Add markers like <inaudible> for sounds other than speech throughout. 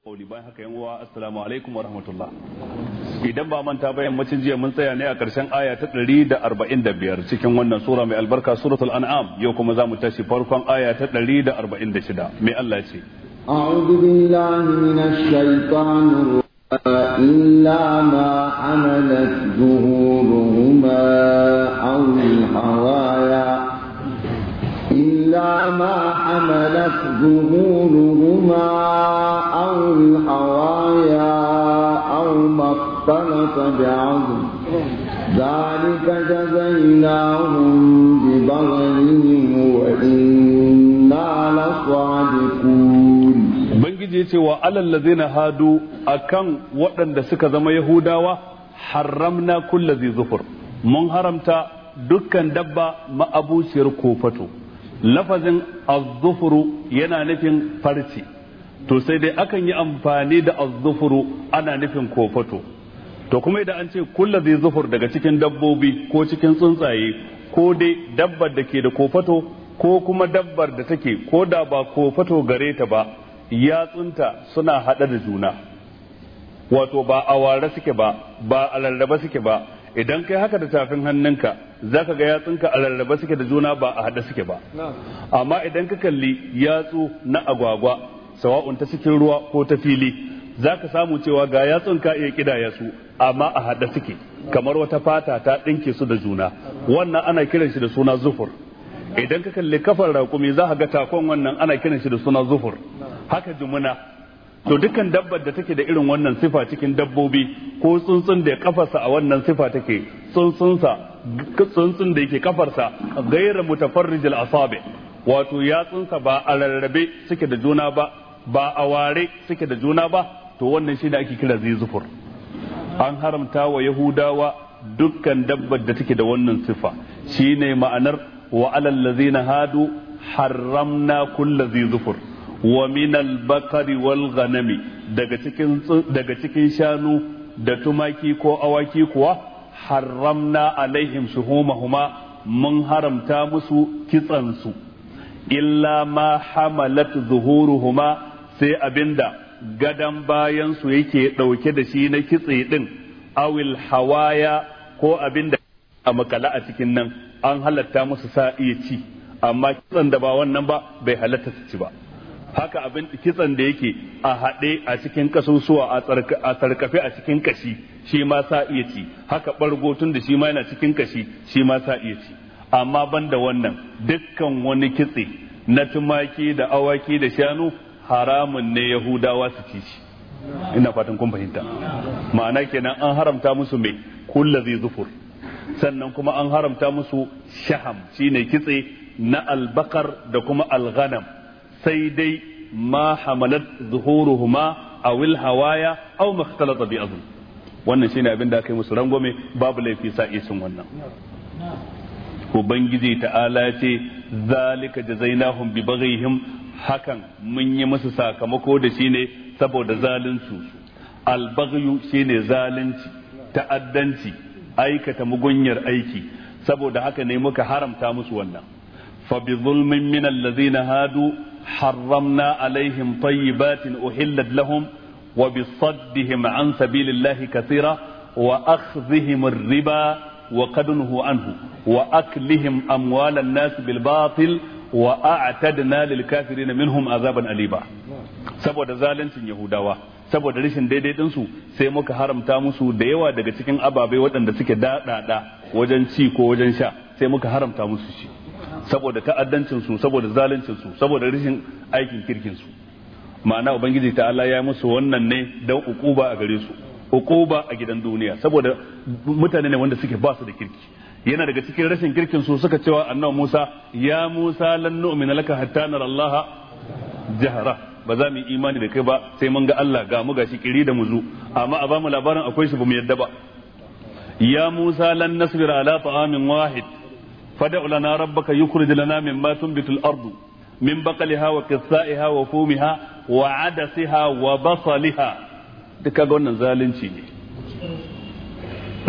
Kauli bayan haka yan uwa assalamu alaikum wa rahmatullah. Idan ba manta ba mace jiya mun tsaya ne a ƙarshen aya ta ɗari da arba'in da biyar cikin wannan sura mai albarka suratul an'am yau kuma za mu tashi farkon aya ta ɗari da arba'in da shida mai Allah ce. minash shaitanir rajim الشيطان ma amalat zuhuruhuma aw al-hawaya إلا ما حملت ظهورهما أو الحوايا أو ما اختلط بعظم ذلك جزيناهم ببغيهم وإنا لصادقون Ubangiji ya ce wa alallazina hadu akan waɗanda suka zama Yahudawa haramna kullazi zufur mun haramta dukkan dabba ma'abuciyar kofato lafazin azzufuru yana nufin farci to sai dai akan yi amfani da azzufuru ana nufin kofato to kuma idan an ce kulla zai zufur daga cikin dabbobi ko cikin tsuntsaye ko dai dabbar da ke da kofato ko kuma dabbar da take ko da ba kofato gare ta ba yatsunta suna haɗa da juna wato ba a ware suke ba ba a lallaba suke ba idan kai haka da tafin hannunka za zaka ga yatsunka a rarraba suke da juna ba a haɗe suke ba amma idan ka kalli yatsu na agwagwa sawa'un ta cikin ruwa ko ta fili ka samu cewa ga yatsun ka iya kidaya su amma a haɗe suke kamar wata fata ta ɗinke su da juna wannan ana kiran shi da suna zufur idan ka kalli kafar raƙumi za ka ga takon wannan ana kiran shi da suna zufur haka jumuna to dukan dabbar da take da irin wannan sifa cikin dabbobi ko tsuntsun da kafarsa a wannan sifa take tsuntsunsa tsuntsun da yake kafarsa gaira mutafarrijil asabi wato yatsunsa ba a rarrabe suke da juna ba ba a ware suke da juna ba to wannan shi shine ake kira zizufur an haramta wa yahudawa dukkan dabbar da take da wannan sifa shine ma'anar wa alal ladzina hadu harramna kullu zizufur wa minal bakari wal ghanami daga cikin shanu da tumaki ko awaki kuwa haramna alaihim shuhumahuma mun haramta musu kitsansu illa ma hamalat zuhuruhuma sai abinda gadan bayan su yake dauke da shi na kitse din awil hawaya ko abinda a makala a cikin nan an halatta musu sa'i ci amma kitsan da ba wannan ba bai halatta su ci ba haka abin kitsan da yake a haɗe a cikin kasusuwa a tsarkafe a cikin kashi shi ma sa iya ci haka ɓargo tun da shi ma yana cikin kashi shi ma sa iya ci amma ban da wannan dukkan wani kitse na tumaki da awaki da shanu haramun ne yahudawa su ci shi ina fatan kun fahimta ma'ana kenan an haramta musu mai zai zufur sannan kuma an haramta musu shaham shine kitse na albakar da kuma alghanam sai dai ma hamalat zuhuruhuma a al hawaya aw makhtalata bi azm wannan shine abin da aka yi musu rangwame babu laifi sa'i sun wannan ubangiji ta'ala ce zalika jazainahum bi baghihim hakan mun yi musu sakamako da shi ne saboda zalunsu albaghyu shine zalunci ta'addanci aikata mugunyar aiki saboda haka ne muka haramta musu wannan fa bi zulmin min allazina hadu حرمنا عليهم طيبات أحلت لهم وبصدهم عن سبيل الله كثيرا وأخذهم الربا وقد نهوا عنه وأكلهم أموال الناس بالباطل وأعتدنا للكافرين منهم عذابا أليبا سبو دزالنس يهوداوا saboda rashin daidaitinsu sai muka haramta musu da yawa daga cikin ababai waɗanda suke daɗaɗa wajen ci ko wajen sha sai muka haramta musu shi saboda ta'addancin su saboda zaluncin su saboda rashin aikin kirkin su ma'ana ubangiji ta Allah ya musu wannan ne dan ukuba a gare su ukuba a gidan duniya saboda mutane ne wanda suke ba su da kirki yana daga cikin rashin kirkin su suka cewa annabi Musa ya Musa lan nu'mina laka hatta nara Allah jahara ba za mu yi imani da kai ba sai mun ga Allah ga mu gashi kiri da muzu amma a ba mu labarin akwai shi bamu yadda ba ya Musa lan nasbira ala ta'amin wahid fad'u lana rabbaka yukhrij lana mimma tunbitul ardu min baqliha wa qithaiha wa fumiha wa adasiha wa basaliha duka ga wannan zalunci ne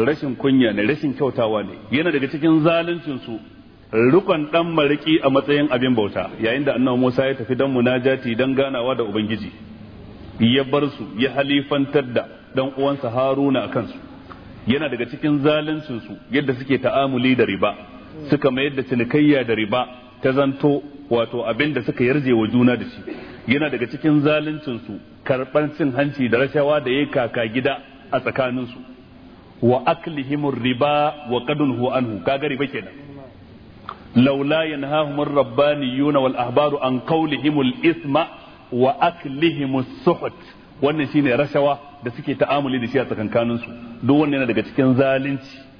rashin kunya ne rashin kyautawa ne yana daga cikin zaluncin su ɗan dan mariki a matsayin abin bauta yayin da annabi Musa ya tafi dan munajati dan ganawa da ubangiji ya bar su ya halifantar da dan uwansa Haruna akan su yana daga cikin zaluncin su yadda suke ta'amuli da riba suka mayar da cinikayya da riba ta zanto wato abin da suka yarje wa juna da shi yana daga cikin zaluncin su karban cin hanci da rashawa da yayi kaka gida a tsakanin su wa aklihim riba wa qadunhu anhu kaga riba kenan laula yanhahum ar-rabbaniyuna wal ahbaru an qawlihim al wa aklihim as-suhut wannan shine rashawa da suke ta'amuli da shi a tsakankanin su duk wannan yana daga cikin zalunci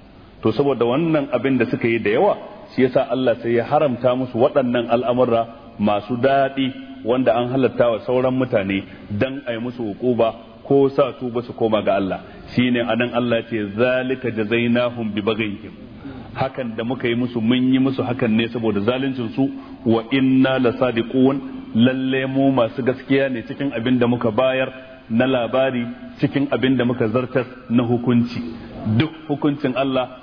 to saboda wannan abin da suka yi da yawa shi yasa Allah sai ya haramta musu waɗannan al'amurra masu daɗi wanda an halatta wa sauran mutane dan a yi musu hukuba ko sa su ba su koma ga Allah shine anan Allah ce zalika jazainahum bi baghihim hakan da muka yi musu mun yi musu hakan ne saboda zaluncin su wa inna lasadiqun lalle mu masu gaskiya ne cikin abin da muka bayar na labari cikin abin da muka zartar na hukunci duk hukuncin Allah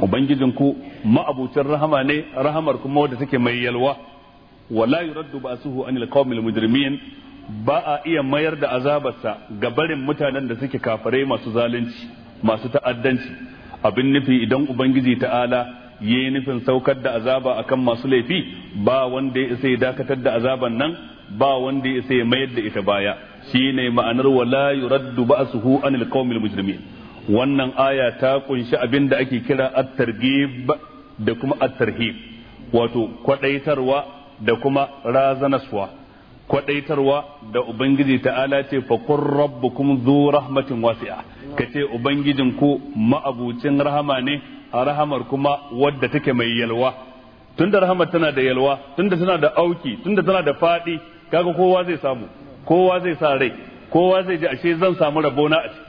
Ubangijin ku ma'abucin rahama ne rahamar kuma wadda take mai yalwa wala yuraddu ba'suhu anil qawmil mujrimin ba a iya mayar da azabarsa ga barin mutanen da suke kafare masu zalunci masu ta'addanci abin nufi idan ubangiji ta'ala yayi nufin saukar da azaba akan masu laifi ba wanda ya isa ya dakatar da azaban nan ba wanda ya isa ya mayar da ita baya shine ma'anar wala yuraddu ba'suhu anil qawmil mujrimin wannan aya ta kunshi abin da ake kira at-targhib da kuma at-tarhib wato kwadaitarwa da kuma razanaswa kwadaitarwa da ubangiji ta'ala ce fa qur rabbukum dhu rahmatin wasi'a kace ubangijin ku ma'abucin rahama ne a rahamar kuma wadda take mai yalwa tunda rahamar tana da yalwa tunda tana da auki tunda tana da fadi kaga kowa zai samu kowa zai sa rai kowa zai ji ashe zan samu rabona a ciki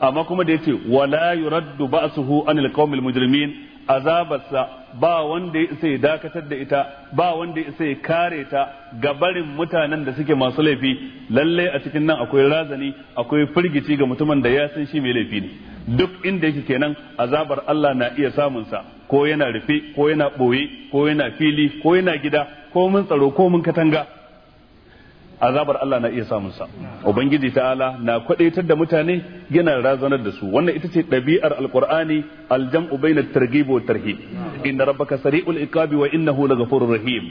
amma kuma da yace wala yuraddu ba'suhu anil qawmil mujrimin azabarsa ba wanda ya ya dakatar da ita ba wanda ya ya kare ta ga barin mutanen da suke masu laifi lalle a cikin nan akwai razani akwai firgici ga mutumin da ya san shi mai laifi ne duk inda yake kenan azabar Allah na iya samun sa ko yana rufe ko yana boye ko yana fili ko yana gida ko mun tsaro ko mun katanga azabar Allah na iya samun sa ubangiji ta'ala na kwadaitar da mutane yana razanar da su wannan ita ce ɗabi'ar alqur'ani aljam'u baina targhib wa tarhib inna rabbaka sari'ul iqabi wa innahu laghafurur rahim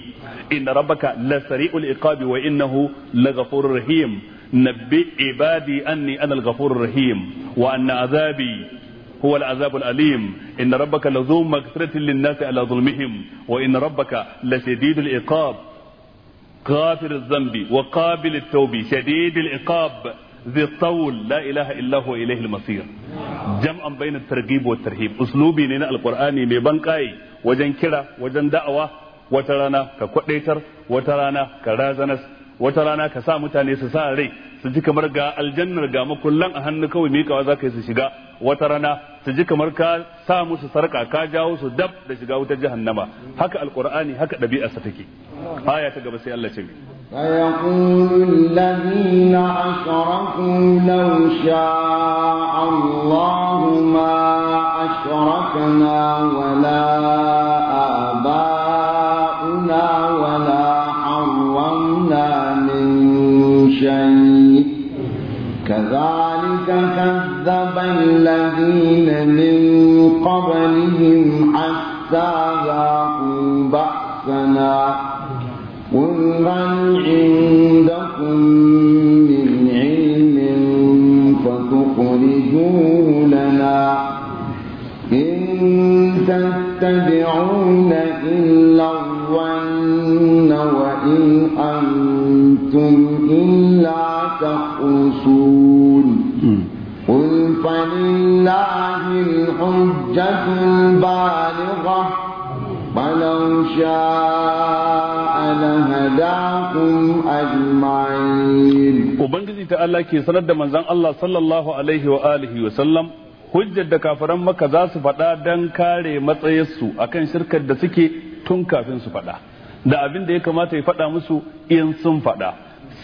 inna rabbaka la sari'ul iqabi wa innahu laghafurur rahim nabbi ibadi anni ana alghafurur rahim wa anna azabi هو العذاب الأليم إن ربك لذو مغفرة للناس على ظلمهم وإن ربك لشديد العقاب غافر الذنب وقابل التوب شديد العقاب ذي الطول لا إله إلا هو إليه المصير جمعا بين الترغيب والترهيب أسلوبي لنا القرآن من بنقاي وجن كرة وجن دعوة wata rana ka kwadaitar wata rana ka razanas wata rana ka sa mutane su sa rai su ji kamar ga aljannar ga makullan a hannu kawai miƙawa za ka yi su shiga wata rana su ji kamar ka sa musu sarka ka jawo su dab da shiga wutar jahannama haka Alƙur'ani haka ɗabi'arsa take aya ta gaba sai Allah ce فيقول الذين أشركوا لو شاء الله ما أشركنا ولا آباؤنا شيء كذلك كذب الذين من قبلهم حتى ذاقوا بأسنا قل من عندكم من علم فتخرجوه لنا إن تتبعون إلا الظن وإن أنتم كنتم إلا تخرصون قل فلله الحجة البالغة ولو شاء لهداكم أجمعين وبنجزي تعالى كي سند من زن الله صلى الله عليه وآله وسلم hujjar da kafiran Makka za su faɗa don kare matsayinsu akan shirkar da suke tun kafin su faɗa da abin da ya kamata ya faɗa musu in sun faɗa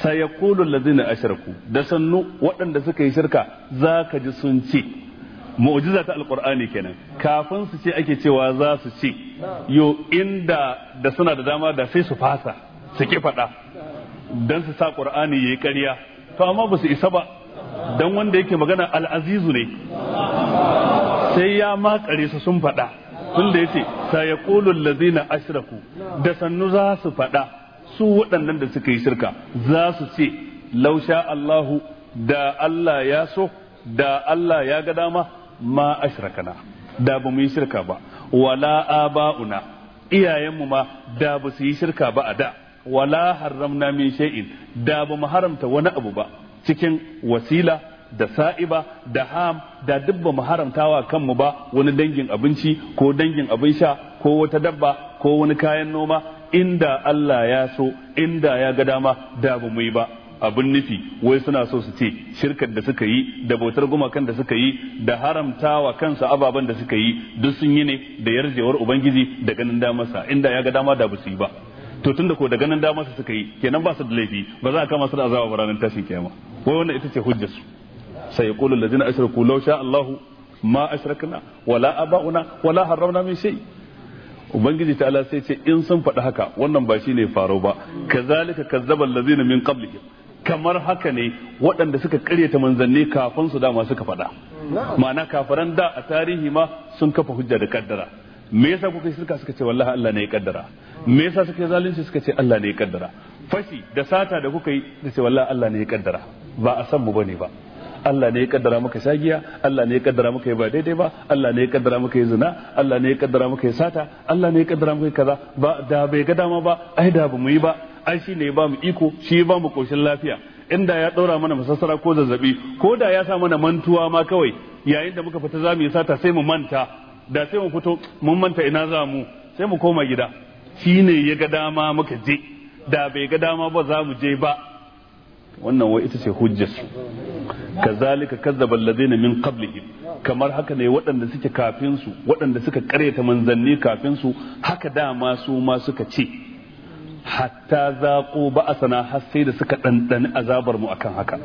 sayaqulu allazina ashraku da sannu waɗanda suka yi shirka za ka ji sun ce mu'jiza ta alqur'ani kenan kafin su ce ake cewa za su ce yo inda da suna da dama da sai su fasa su ki faɗa don su sa ya yi ƙarya to amma ba su isa ba Don wanda yake magana al'azizu ne sai ya makare su sun faɗa da yace sayaqulu na ashraku da sannu za su faɗa su waɗannan da suka yi shirka za su ce lausha Allahu da Allah ya so da Allah ya ga dama ma ashrakana da ba mu yi shirka ba wala aba'una iyayenmu ma da ba su yi shirka ba a da wala haramna min shay'in da ba mu haramta wani abu ba cikin wasila da sa'iba da ham da duk ba mu haramtawa kanmu ba wani dangin abinci ko dangin abin sha ko wata dabba ko wani kayan noma inda Allah ya so inda ya ga dama da ba mu yi ba abin nufi wai suna so su ce shirkar da suka yi da bautar gumakan da suka yi da haramtawa kansu ababen da suka yi duk sun yi ne da yarjewar ubangiji da ganin damarsa inda ya ga dama da ba su yi ba to tun da ko da ganin damarsa suka yi kenan ba su da laifi ba za a kama su da azaba ranar tashin kiyama wai wannan ita ce hujjar su sayaqulu alladhina ashraku law sha Allahu ma ashrakna wala aba'una wala harramna min shay ubangiji ta'ala sai ce in sun faɗi haka wannan ba shine faro ba kazalika kazzaba alladhina min qablihim kamar haka ne waɗanda suka karyata manzanni kafin su dama suka faɗa ma'ana kafaran da a tarihi ma sun kafa hujja da kaddara me yasa kuka yi shirka suka ce wallahi Allah ne ya kaddara me yasa suka yi zalunci suka ce Allah ne ya kaddara fashi da sata da kuka yi da ce wallahi Allah ne ya kaddara ba a san mu bane ba Allah ne ya kaddara maka shagiya Allah ne ya kaddara maka ba daidai ba Allah ne ya kaddara maka yi zina Allah ne ya kaddara maka sata Allah ne ya kaddara maka kaza ba da bai ga dama ba ai da ba mu yi ba ai shi ne ba mu iko shi ba mu koshin lafiya inda ya ɗora mana masassara ko zazzabi ko da ya sa mana mantuwa ma kawai yayin da muka fita za mu yi sata sai mu manta da sai mu fito mun manta ina za mu sai mu koma gida shi ne ya ga dama muka je da bai ga dama ba za mu je ba wannan wai ita ce hujjarsu kazalika kazzaba alladhina min qablihim kamar haka ne waɗanda suke kafin su waɗanda suka karyata manzanni kafin su haka dama su ma suka ce hatta a ba'sana har sai da suka dandani azabar mu akan haka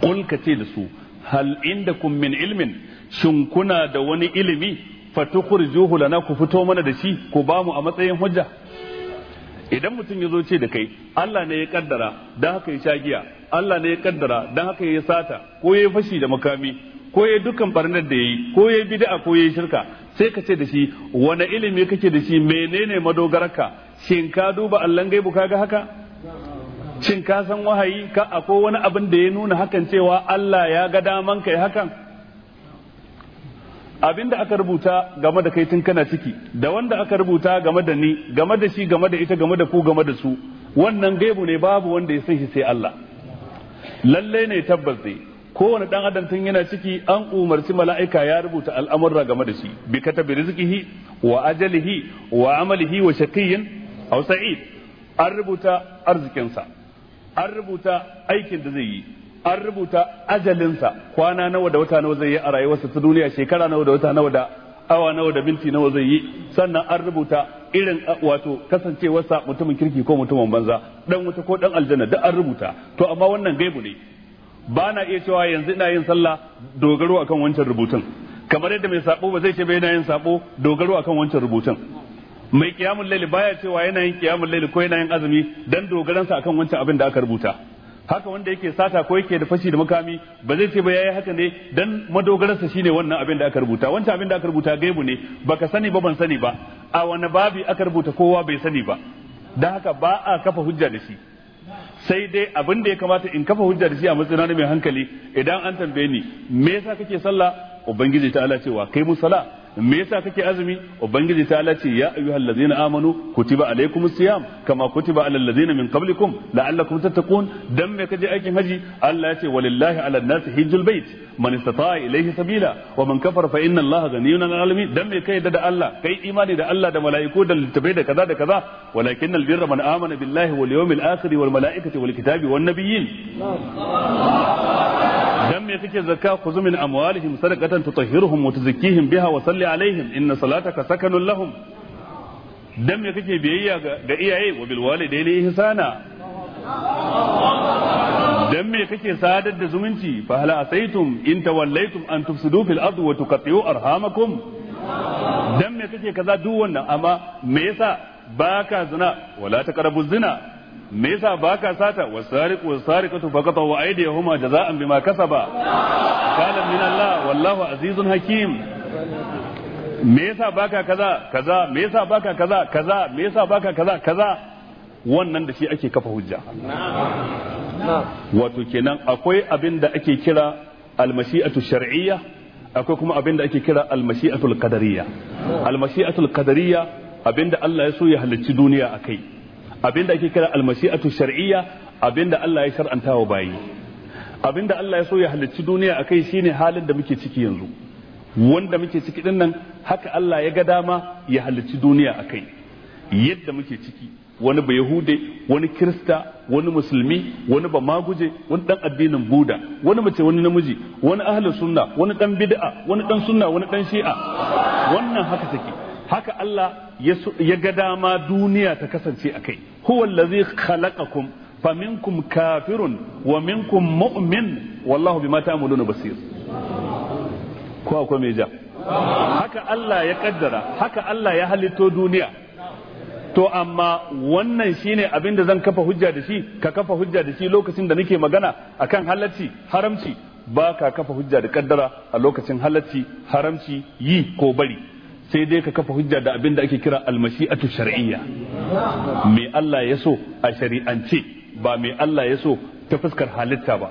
qul ka ce da su hal kun min ilmin shin kuna da wani ilimi fatukhrijuhu lana ku fito mana da shi ku ba mu a matsayin hujja idan mutum ya zo ce da kai Allah ne ya kaddara don haka ya sha giya Allah ne ya kaddara don haka ya sata ko ya fashi da makami ko ya dukkan barnar da ya yi, ko ya bid'a ko ya shirka sai ka ce da shi wani ilimi kake da shi menene madogararka shin ka duba Allah gaibu ga haka shin ka san wahayi ka akwai wani abin da ya nuna hakan cewa Allah ya ga daman kai hakan Abin da aka rubuta game da kai tun kana ciki da wanda aka rubuta game da ni game da shi game da ita game da ku game da su wannan gaibu ne babu wanda ya san shi sai Allah lalle ne tabbas dai. kowane dan adam tun yana ciki an umarci mala'ika ya rubuta al'amurra game da shi bi katabi rizqihi wa ajalihi wa amalihi wa shaqiyyin aw sa'id an rubuta arzikinsa an rubuta aikin da zai yi an rubuta ajalinsa kwana nawa da wata nawa zai yi a rayuwarsa ta duniya shekara nawa da wata nawa da awa nawa da binti nawa zai yi sannan an rubuta irin wato kasancewarsa mutumin kirki ko mutumin banza dan wuta ko dan aljanna duk an rubuta to amma wannan gaibu ne ba na iya cewa yanzu ina yin sallah dogaro akan wancan rubutun kamar yadda mai sabo ba zai ce ba yana yin sabo dogaro akan wancan rubutun mai kiyamul laili baya cewa yana yin kiyamul laili ko yana yin azumi dan dogaransa akan wancan abin da aka rubuta haka wanda yake sata ko yake da fashi da makami ba zai ce ba yayi haka ne dan madogararsa shine wannan abin da aka rubuta wancan abin da aka rubuta gaibu ne baka sani ba ban sani ba a wani babi aka rubuta kowa bai sani ba dan haka ba a kafa hujja da shi sai dai abin da ya kamata in kafa hujja da shi a matsayin mai hankali idan an tambaye ni me yasa kake sallah ubangiji ta Allah cewa kai mu me yasa kake azumi ubangiji ta Allah ce ya ayyuhal ladzina amanu kutiba alaikumus siyam kama kutiba alal ladzina min qablikum la'allakum tattaqun dan me kaje aikin haji Allah ya ce walillahi alal nasi hijjul bait man istata'a ilayhi sabila wa man kafara fa inna Allaha na 'anil alamin dan me kai da Allah kai imani da Allah da mala'iku da littabai da kaza da kaza walakin albirra man amana billahi wal yawmil akhir wal mala'ikati wal kitabi wan nabiyyin dan me kake zakka khudh min amwalihim sadaqatan tutahhiruhum wa tuzakkihim biha wa salli alaihim inna salataka sakanun lahum dan me kake biyayya ga iyaye wa bil walidayni ihsana dan me kake sadar da zumunci fa hal asaitum in tawallaitum an tufsidu fil ardi wa tuqatti'u arhamakum dan me kake kaza duk wannan amma me yasa baka zina wala taqrabu zina me yasa baka sata wasariqu wasariqatu faqatu aydihuma jaza'an bima kasaba kana min Allah wallahu azizun hakim me yasa baka kaza kaza me yasa baka kaza kaza me yasa baka kaza kaza wannan da shi ake kafa hujja wato kenan akwai abin da ake kira almashi'atu shar'iyya akwai kuma abin da ake kira almashi'atul qadariyya almashi'atul qadariyya abin da Allah ya so ya halicci duniya akai abinda ake kira almasi'atu shar'iyya abinda Allah ya shar'anta wa bayi abinda Allah ya so ya halicci duniya akai shine halin da muke ciki yanzu wanda muke ciki din nan haka Allah ya ga dama ya halicci duniya akai yadda muke ciki wani ba yahude wani kirista wani musulmi wani ba maguje wani dan addinin buda wani mace wani namiji wani ahlus sunna wani dan bid'a wani dan sunna wani dan shi'a wannan haka take haka Allah ya ga dama duniya ta kasance a kai huwa allazi khalaqakum faminkum kafirun wa minkum mu'min wallahu bima ta'maluna basir ko akwai mai ja haka Allah ya kaddara haka Allah ya halitto duniya to amma wannan shine abin da zan kafa hujja da shi ka kafa hujja da shi lokacin da nake magana akan halacci haramci ba ka kafa hujja da kaddara a lokacin halacci haramci yi ko bari sai dai ka kafa hujja da abin da ake kira almashi'atu shar'iyya me Allah ya so a shari'ance ba me Allah ya so ta fuskar halitta ba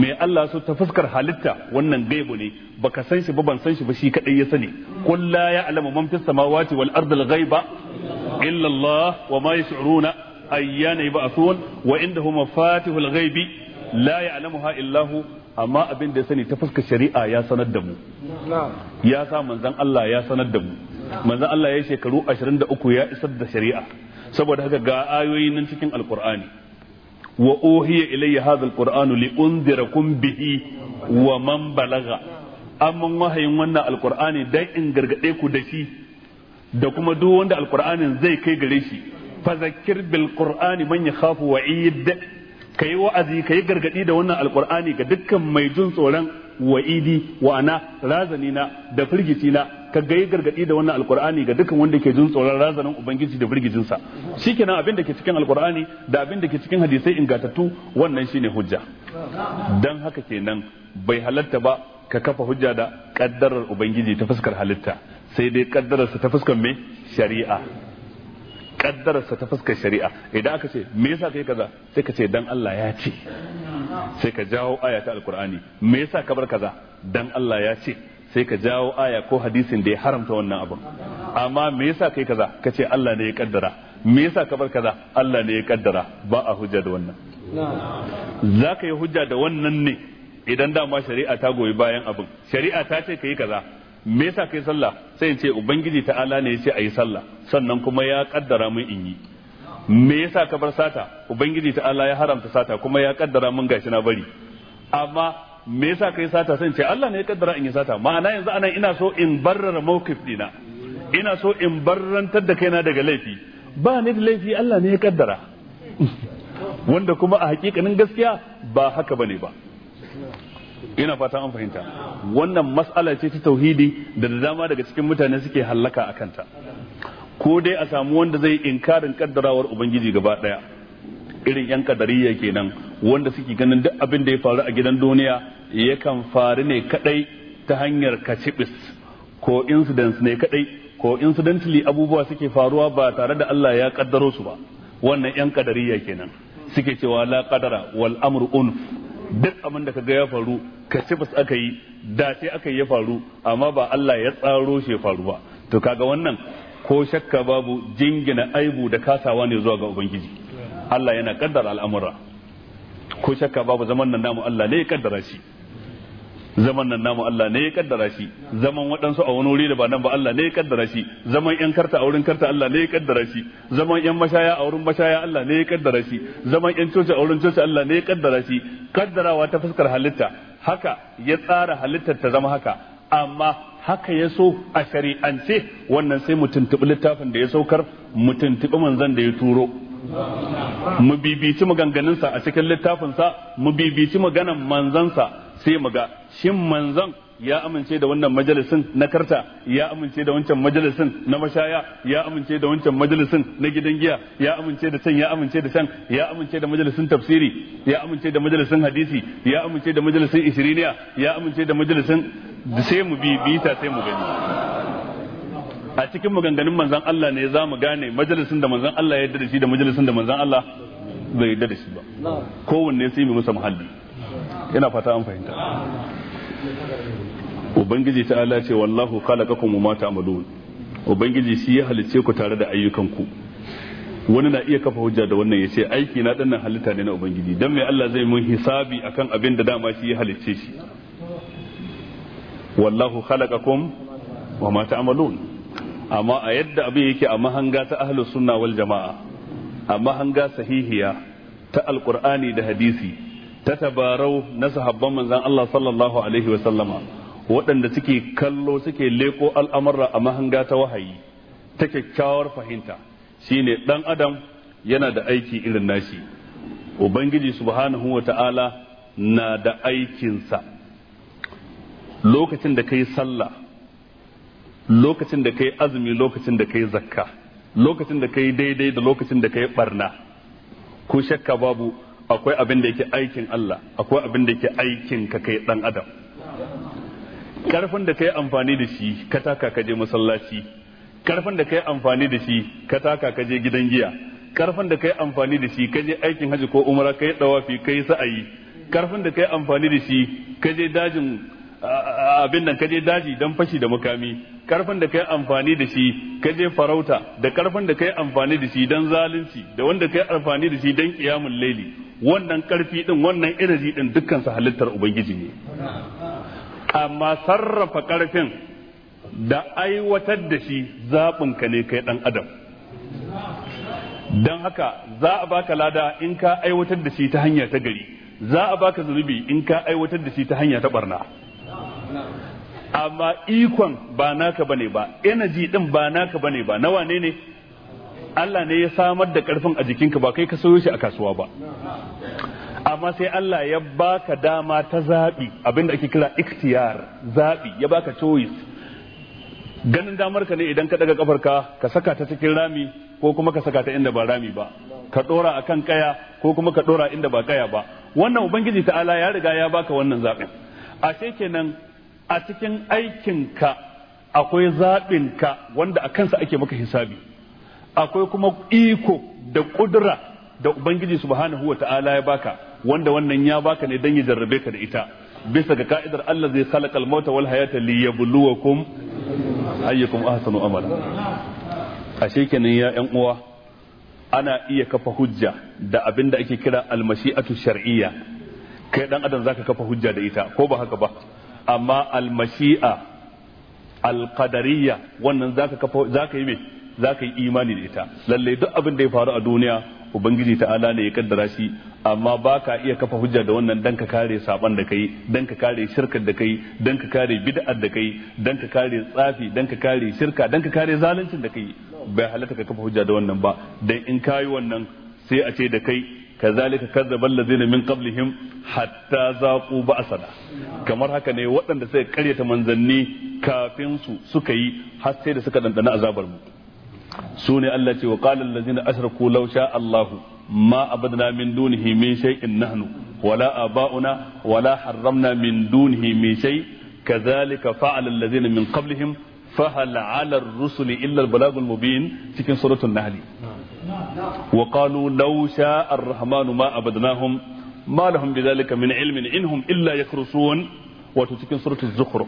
me Allah so ta fuskar halitta wannan gaibu ne baka san shi ba ban san shi ba shi kadai ya sani qul la ya'lamu man fis samawati wal ardi al ghaiba illa Allah wa ma yash'uruna ayyana yub'athun wa indahu mafatihul ghaibi la ya'lamuha illa amma abin da ya sani ta fuskar shari'a ya sanar da mu ya sa manzan Allah ya sanar da mu manzon Allah ya shekaru 23 ya isar da shari'a saboda haka ga ayoyi nan cikin alkur'ani wa uhiya ilayya hadha alqur'anu li unzirakum bihi wa man balagha amma wahayin wannan alkur'ani dai in gargade ku da shi da kuma duk wanda alkur'anin zai kai gare shi Fa fazakir bil qur'ani man yakhafu wa'id ka yi wa'azi yi gargadi da wannan alqur'ani ga dukkan mai jin tsoron wa'idi wa'ana razani na da firgici na ka gai gargadi da wannan alqur'ani ga dukkan wanda ke jin tsoron razanin ubangiji da firgicin sa shikenan abin da ke cikin alqur'ani da abin da ke cikin hadisai ingatattu wannan shine hujja dan haka kenan bai halatta ba ka kafa hujja da kaddarar ubangiji ta fuskar halitta sai dai kaddararsa ta fuskar me shari'a kaddararsa ta fuskar shari'a idan aka ce me yasa kai kaza sai ka ce dan Allah ya ce sai ka jawo aya ta alkur'ani me yasa ka bar kaza dan Allah ya ce sai ka jawo aya ko hadisin da ya haramta wannan abun amma me yasa kai kaza ka ce Allah ne ya kaddara me yasa ka bar kaza Allah ne ya kaddara ba a hujja da wannan za ka yi hujja da wannan ne idan dama shari'a ta goyi bayan abin shari'a ta ce ka yi kaza me yasa kai sallah sai in ce ubangiji ta'ala ne yace ayi sallah sannan kuma ya kaddara mun in yi me yasa ka bar sata ubangiji ta'ala ya haramta sata kuma ya kaddara mun gashi na bari amma me yasa kai sata sai in ce Allah ne ya kaddara in yi sata ma'ana yanzu anan ina so in barrar mawkif dina ina so in barrantar da kaina daga laifi ba ni da laifi Allah ne ya kaddara <laughs> wanda kuma a hakikanin gaskiya ba haka bane ba ina fata an fahimta wannan mas'ala ce ta tauhidi da da dama daga cikin mutane suke hallaka a kanta ko dai a samu wanda zai inkarin kaddarawar ubangiji gaba daya irin yan kadariya kenan wanda suke ganin duk abin da ya faru a gidan duniya yakan faru ne kadai ta hanyar kacibis ko incidents ne kadai ko incidentally abubuwa suke faruwa ba tare da Allah ya kaddaro su ba wannan yan kadariya kenan suke cewa la qadara wal amru unf duk abin da kaga ya faru ka bas aka yi dace aka yi ya faru amma ba Allah ya tsaro shi ya faru ba to kaga wannan ko shakka babu jingina aibu da kasawa ne zuwa ga ubangiji Allah yana kaddara al'amura ko shakka babu zaman nan namu Allah ne ya kaddara shi zaman nan namu Allah ne ya kaddara shi zaman waɗansu a wani wuri da ba nan ba Allah ne ya kaddara shi zaman yan karta a wurin karta Allah ne ya kaddara shi zaman yan mashaya a wurin mashaya Allah ne ya kaddara shi zaman yan coci a wurin coci Allah ne ya kaddara shi kaddarawa ta fuskar halitta haka ya tsara halittar ta zama haka amma haka ya so a shari'ance wannan sai mu tuntuɓi littafin da ya saukar mu tuntuɓi manzon da ya turo mu bibici maganganunsa a cikin littafinsa mu bibici maganan manzansa sai mu ga shin manzon ya amince da wannan majalisin na karta ya amince da wancan majalisin na mashaya ya amince da wancan majalisin na gidan giya ya amince da can ya amince da can ya amince da majalisin tafsiri ya amince da majalisin hadisi ya amince da majalisin ishiriniya ya amince da majalisin sai mu bi bi ta sai mu gani a cikin maganganun manzon Allah ne za mu gane majalisin da manzon Allah ya yarda da shi da majalisin da manzon Allah bai yarda da shi ba kowanne sai mu musa muhalli Yana fata an fahimta ubangiji ta ala ce wallahu khalaqakum mu ma amadu. ubangiji shi ya halice ku tare da ayyukanku wani na iya kafa hujja da wannan ya ce aiki na dannan halitta ne na ubangiji dan mai Allah zai mun hisabi akan abin da dama shi ya halice shi wallahu khalaqakum wa ma ta'malun amma a yadda abin yake a mahanga ta ahlus sunna wal jamaa a mahanga sahihiya ta alqur'ani da hadisi ta tabarau na sahabban manzan Allah sallallahu alaihi wa waɗanda suke kallo suke leko al'amurra a mahanga ta wahayi ta kyakkyawar fahimta shine ɗan adam yana da aiki irin nashi ubangiji subhanahu wa ta'ala na da aikinsa lokacin da kai sallah lokacin da kai azumi lokacin da kai zakka lokacin da kai daidai da lokacin da kai ɓarna ko shakka babu akwai abin da yake aikin Allah akwai abin da yake aikin ka kai dan adam karfin da kai amfani da shi ka taka ka je masallaci karfin da kai amfani da shi ka taka ka je gidan giya karfin da kai amfani da shi ka je aikin haji ko umara kai dawafi kai sa'ayi karfin da kai amfani da shi ka je dajin abin nan ka je daji dan fashi da mukami. karfin da kai amfani da shi ka je farauta da karfin da kai amfani da shi dan zalunci da wanda kai amfani da shi dan kiyamul laili wannan karfi din wannan energy din dukkan su halittar ubangiji ne amma sarrafa karfin da aiwatar da shi zaɓin ka ne kai dan adam dan haka za a baka lada in ka aiwatar da shi ta hanya ta gari za a baka zunubi in ka aiwatar da shi ta hanya ta barna amma ikon ba naka bane ba energy din ba naka bane ba na wane ne Allah ne ya samar da karfin a jikinka ba kai ka sayo shi a kasuwa ba amma sai Allah ya baka dama ta zaɓi abinda ake kira ikhtiyar zabi ya baka choice ganin damar ka ne idan ka daga kafar ka saka ta cikin rami ko kuma ka saka ta inda ba rami ba ka dora akan kaya ko kuma ka dora inda ba kaya ba wannan ubangiji ta'ala ya riga ya baka wannan zabin A kenan a cikin aikinka akwai zaɓinka wanda a kansa ake maka hisabi akwai kuma iko da ƙudura da ubangiji subhanahu ta'ala ya baka wanda wannan ya baka ne don ya jarrabe ka da ita bisa ga ka'idar Allah zai khalaqal mauta wal hayata liyabluwakum ayyukum ahsanu amala ashe kenan ya ƴan uwa ana iya kafa hujja da abin da ake kira almashi'atu shar'iyya kai dan adam zaka kafa hujja da ita ko ba haka ba amma almashi'a alqadariyya wannan zaka kafa zaka yi me zaka yi imani da ita lalle duk abin da ya faru a duniya ubangiji ta'ala ne ya kaddara shi amma ba ka iya kafa hujja da wannan dan ka kare saban da kai dan ka kare shirkar da kai dan ka kare bid'ar da kai dan ka kare tsafi dan ka kare shirka dan ka kare zaluncin da kai bai halatta ka kafa hujja da wannan ba dan in kayi wannan sai a ce da kai kazalika kazzabal ladzina min qablihim hatta zaqu ba'sana kamar haka ne waɗanda suka karyata manzanni kafin su suka yi har sai da suka dandana azabar mu su ne Allah ce wa qala allazina ashraku law sha Allah ma abadna min dunihi min shay'in nahnu wala aba'una wala harramna min dunihi min shay kazalika fa'ala allazina min qablihim فهل rusuli الرسل إلا البلاغ cikin في سورة النحل وقالوا لو شاء الرحمن ما أبدناهم ما لهم بذلك من علم إنهم إلا يخرصون وتتكن سورة الزخرف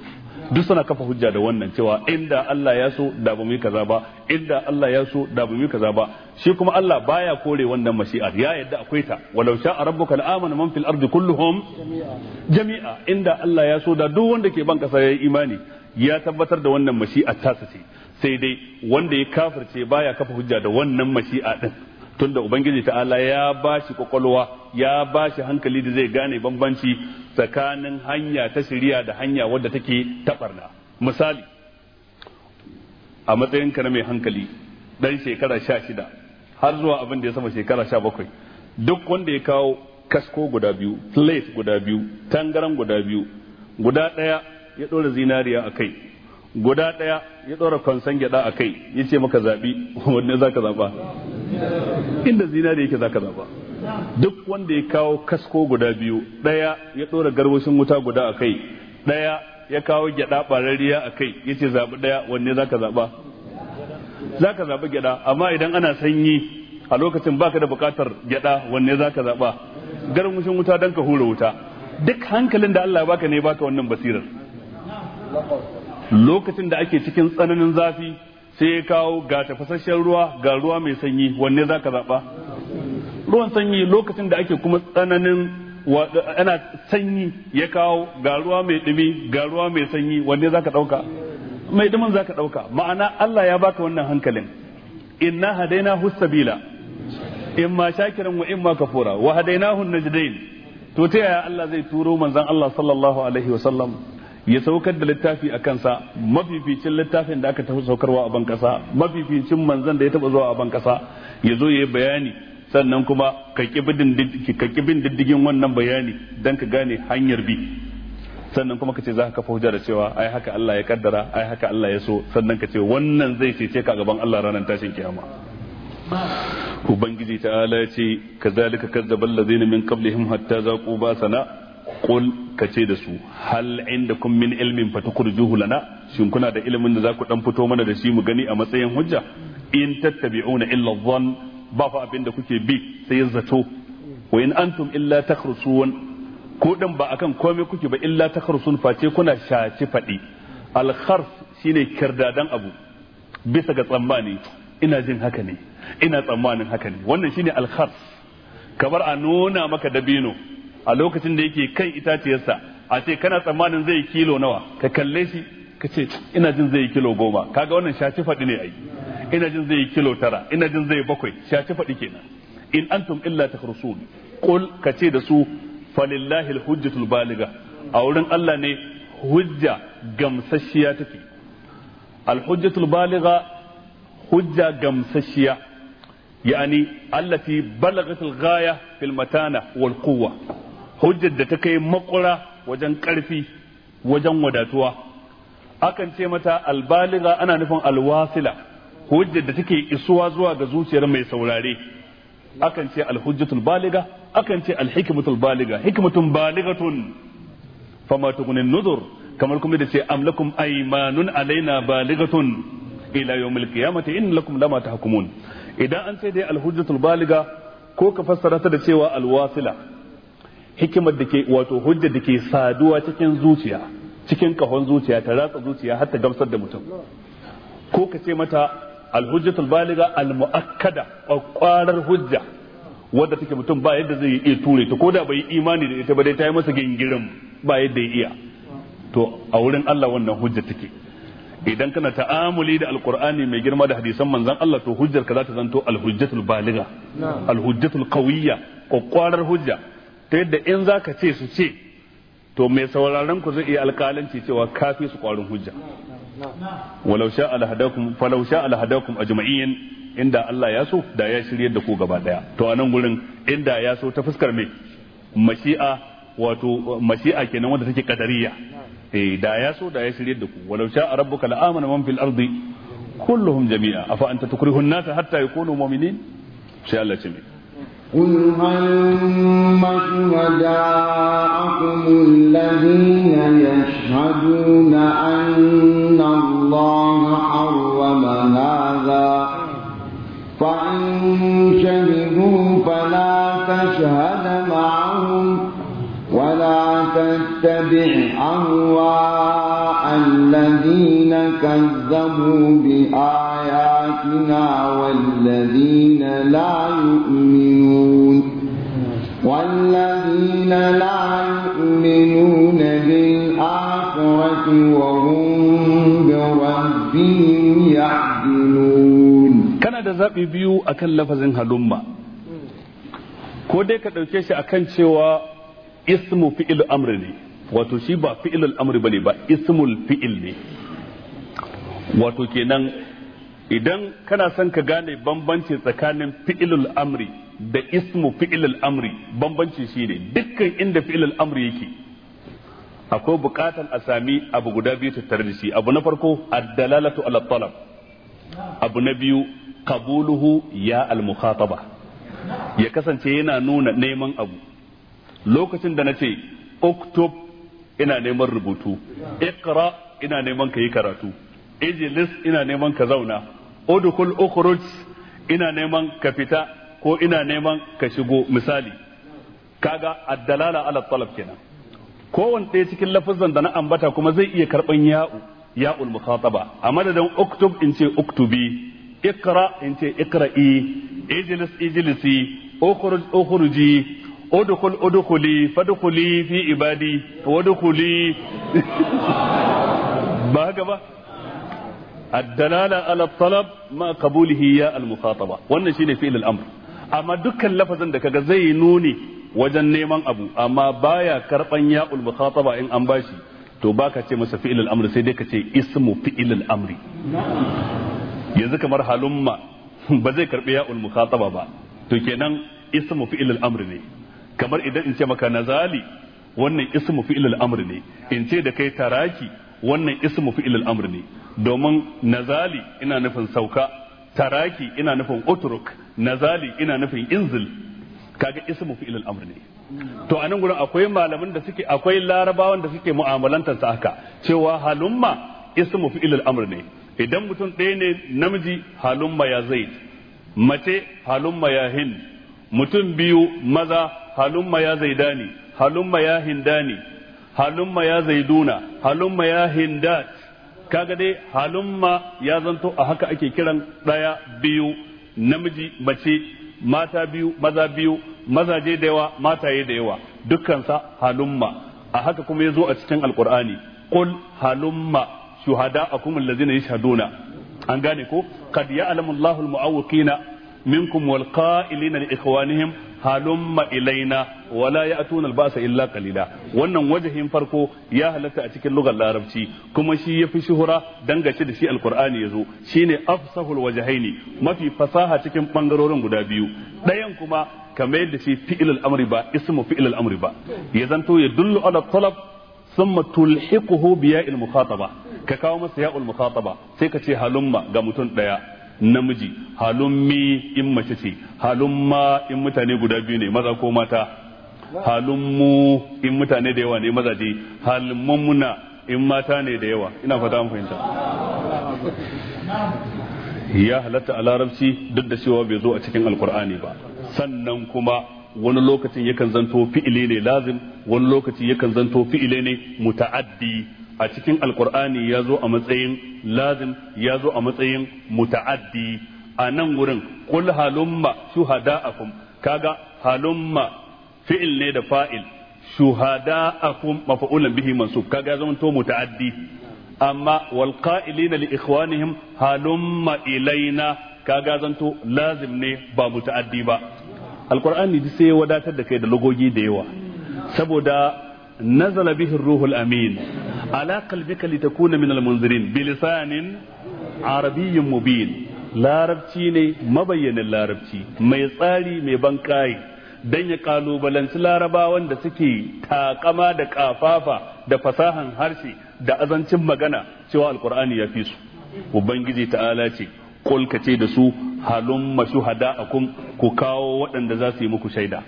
duk suna kafa hujja da wannan cewa inda Allah ya so da bamu yi kaza ba inda Allah ya so da bamu yi kaza ba shi kuma Allah baya kore wannan mashi'ar ya yadda akwai ta walau sha rabbuka al'amana man fil ardi kulluhum jami'a inda Allah ya so da duk wanda ke ban kasa yayi imani ya tabbatar da wannan mashi'ar tasa ce sai dai wanda ya kafirce baya kafa hujja da wannan mashi'a din tunda ubangiji ta'ala ya bashi kwakwalwa ya bashi hankali da zai gane bambanci tsakanin hanya ta shirya da hanya wadda take taɓarna misali a matsayinka na mai hankali ɗan shekara sha shida har zuwa abin da ya sama shekara sha bakwai duk wanda ya kawo kasko guda biyu plate guda biyu tangaran guda biyu guda ɗaya ya ɗora zinariya a kai guda ɗaya ya ɗora kwanson gyaɗa a kai ya ce maka zaɓi <laughs> wanne za ka zaɓa inda zinari yake zaka zaba duk wanda ya kawo kasko guda biyu daya ya dora garwashin wuta guda a kai daya ya kawo gyada barariya a kai ya ce zaɓi daya wanne zaka zaba zaka zaɓi gyada amma idan ana sanyi a lokacin baka da bukatar gyada wanne zaka zaba garwashin wuta dan ka hura wuta duk hankalin da Allah baka ne baka wannan basirar lokacin da ake cikin tsananin zafi sai ya kawo ga tafasasshen ruwa ga ruwa mai sanyi wanne za ka zaɓa ruwan sanyi lokacin da ake kuma tsananin ana sanyi ya kawo ga ruwa mai ɗumi ga ruwa mai sanyi wanne za ka ɗauka mai ɗumin za ka ɗauka ma'ana Allah ya baka wannan hankalin inna hadaina hussabila in ma shakiran wa in ma kafura wa na najdain to ta yaya Allah zai turo manzon Allah sallallahu alaihi wa sallam ya saukar da littafi a kansa mafificin littafin da aka tafi saukarwa a bankasa mafificin manzan da ya taba zuwa a ban ya zo ya yi bayani sannan kuma ka ƙi bin diddigin wannan bayani don ka gane hanyar bi sannan kuma ka ce za ka kafa hujja da cewa ai haka Allah ya kaddara ai haka Allah ya so sannan ka ce wannan zai cece ka gaban Allah ranar tashin kiyama ubangiji ta'ala ya ce kazalika kazzabal ladzina min qablihim hatta zaqu sana. ka kace da su hal inda kun min ilmin fatukhrijuhu lana shin kuna da ilimin da za ku dan fito mana da shi mu gani a matsayin hujja in tattabi'una illa dhann ba fa abin kuke bi sai zato wa in antum illa takhrusun ko dan ba akan komai kuke ba illa takhrusun face kuna shaci fadi al kharf shine kirdadan abu bisa ga tsammani ina jin haka ne ina tsammanin haka ne wannan shine al kharf kamar a nuna maka dabino a lokacin da yake kan itaciyarsa a ce kana tsammanin zai kilo nawa ka kalle shi ka ce ina jin zai kilo goma kaga wannan shaci faɗi ne ai ina jin zai kilo tara ina jin zai bakwai shaci faɗi kenan in antum illa takhrusun qul ka ce da su falillahi alhujjatul baliga a wurin Allah ne hujja gamsasshiya take alhujjatul baliga hujja gamsasshiya يعني التي بلغت fil matana wal والقوة hujjar da ta kai makura wajen ƙarfi wajen wadatuwa akan ce mata albaliga ana nufin alwasila hujjar da take isuwa zuwa ga zuciyar mai saurare akan ce alhujjatul baliga akan ce alhikmatul baliga hikmatun baligatun fama tukunin nuzur kamar kuma da ce amlakum aymanun alaina baligatun ila yawmil qiyamati in lakum lama tahkumun idan an ce dai alhujjatul baliga ko ka fassara ta da cewa alwasila hikimar da ke wato hujjar da ke saduwa cikin zuciya cikin kahon zuciya ta ratsa zuciya har ta gamsar da mutum ko ka ce mata alhujjatul baliga almuakkada kwarar hujja wadda take mutum ba yadda zai iya ture ta koda bai imani da ita ba dai ta yi masa gingirin ba yadda ya iya to a wurin Allah wannan hujja take idan kana ta'amuli da alqur'ani mai girma da hadisan manzon Allah to hujjar ka za ta zanto alhujjatul baliga alhujjatul qawiyya kwakwarar hujja ta yadda in za ka ce su ce to mai sauraron ku zai iya alƙalanci cewa kafi su ƙwarin hujja walau sha alhadakum falau sha alhadakum ajma'in inda Allah ya so da ya shirya da ku gaba daya to a nan gurin inda ya so ta fuskar me mashi'a wato mashi'a kenan wanda take kadariya eh da ya so da ya shirya da ku walau sha rabbuka la'amana man fil ardi kulluhum jami'a afa anta tukrihu an-nasa hatta yakunu mu'minin sai Allah ce mai قل هلم شهداءكم الذين يشهدون أن الله حرم هذا فإن شهدوا فلا تشهد معهم ولا تتبع أهواء الذين كذبوا بآياتنا والذين لا يؤمنون والذين لا يؤمنون بالآخرة وهم بربهم يعدلون كان ذا بيو أكل لفظ هلما ko dai ka ɗauke shi akan cewa ismu fi'il amri ne wato shi ba fi'il al'amri bane ba ismul fi'il ne wato kenan idan kana son ka gane bambanci tsakanin fi'il amri da ismu fi'il amri bambanci ne dukkan inda fi'il amri yake akwai bukatan a sami abu guda biyu tattare da shi abu na farko addalalatu dalalatu ala talab abu na biyu kabuluhu ya al-mukhataba ya kasance yana nuna neman abu lokacin da na ce oktob ina neman rubutu ikra ina neman ka yi karatu ijilis ina neman ka zauna udkhul ukhruj ina neman ka fita ko ina neman ka shigo misali kaga addalala ala talab kenan kowanne ɗaya cikin lafazan da na ambata kuma zai iya karban ya'u ya'ul mukhataba a madadin uktub in ce uktubi ikra in ce ikra'i ijlis ijlisi ukhruj ukhruji udkhul udkhuli fadkhuli fi ibadi wadkhuli <laughs> ba haka ba ala talab ma qabulihi ya al mukhataba wannan shine fi'il al-amr amma dukkan lafazin da kaga zai nuni wajen neman abu amma baya karban ya al-mukhataba in an bashi to baka ce masa fi'il al-amr sai dai ka ce ismu fi'il al-amri yanzu kamar halumma <laughs> ba zai karbi ya al-mukhataba ba to kenan ismu fi'il al-amr ne kamar idan in ce maka nazali wannan ismu fi ilal amr ne in ce da kai taraki wannan ismu fi ilal amr ne domin nazali ina nufin sauka taraki ina nufin utruk nazali ina nufin inzil kaga ismu fi ilal amr ne to a nan gurin akwai malaman da suke akwai larabawan da suke mu'amalantar sa haka cewa halumma ismu fi ilal amr ne idan mutum ɗaya ne namiji halumma ya zaid mace halumma ya hind mutum biyu maza halumma ya zaidani halumma ya hindani halumma ya zaiduna halumma ya hindat kaga dai halumma ya zanto a haka ake kiran daya biyu namiji mace mata biyu maza biyu mazaje da yawa mataye da yawa dukkansa halumma a haka kuma ya zo a cikin alkur'ani qul halumma shuhada'akum allazina yashhaduna an gane ko kad ya'lamu Allahu al-mu'awqina minkum wal qa'ilina li ikhwanihim halumma ilaina wala ya'tuna al-ba'sa illa qalila wannan wajahin farko ya halatta a cikin lugar larabci kuma shi yafi shuhura dangace da shi alqur'ani yazo shine afsahul wajahaini mafi fasaha cikin bangarorin guda biyu ɗayan kuma kamar yadda shi fi'il al-amri ba ismu fi'il al-amri ba ya zanto ya dullu ala talab ka kawo masa ya'ul mukhataba sai ka ce halumma ga mutum ɗaya. namiji mi in mace ce ma in mutane guda biyu ne maza ko mata mu in mutane da yawa ne mazaje halmummuna in mata ne da yawa ina fata an fahimta ya halatta a larabci duk da cewa bai zo a cikin alkur'ani ba sannan kuma wani lokacin yakan zanto fi'ile ne lazim wani lokacin yakan zanto fi'ile ne muta'addi a cikin alkur'ani ya zo a matsayin lazim ya zo a matsayin muta'addi a nan wurin qul halumma shuhada'akum kaga halumma fi'il ne da fa'il shuhada'akum mafa'ulan bihi mansub kaga zaman to muta'addi amma wal qa'ilina li ikhwanihim halumma ilaina kaga zanto lazim ne ba muta'addi ba alqur'ani duk sai wadatar da kai da logogi da yawa saboda nazala bihi ruhul amin ala qalbika litakuna min almunzirin bilisanin arabiyyin mubin larabci ne mabayyanin larabci mai tsari mai bankaye dan ya kalubalanci larabawan da suke takama da kafafa da fasahan harshe da azancin magana cewa alkur'ani ya fi su ubangiji ta'ala ce kul ce da su a shuhada'akum ku kawo waɗanda za su yi muku shaida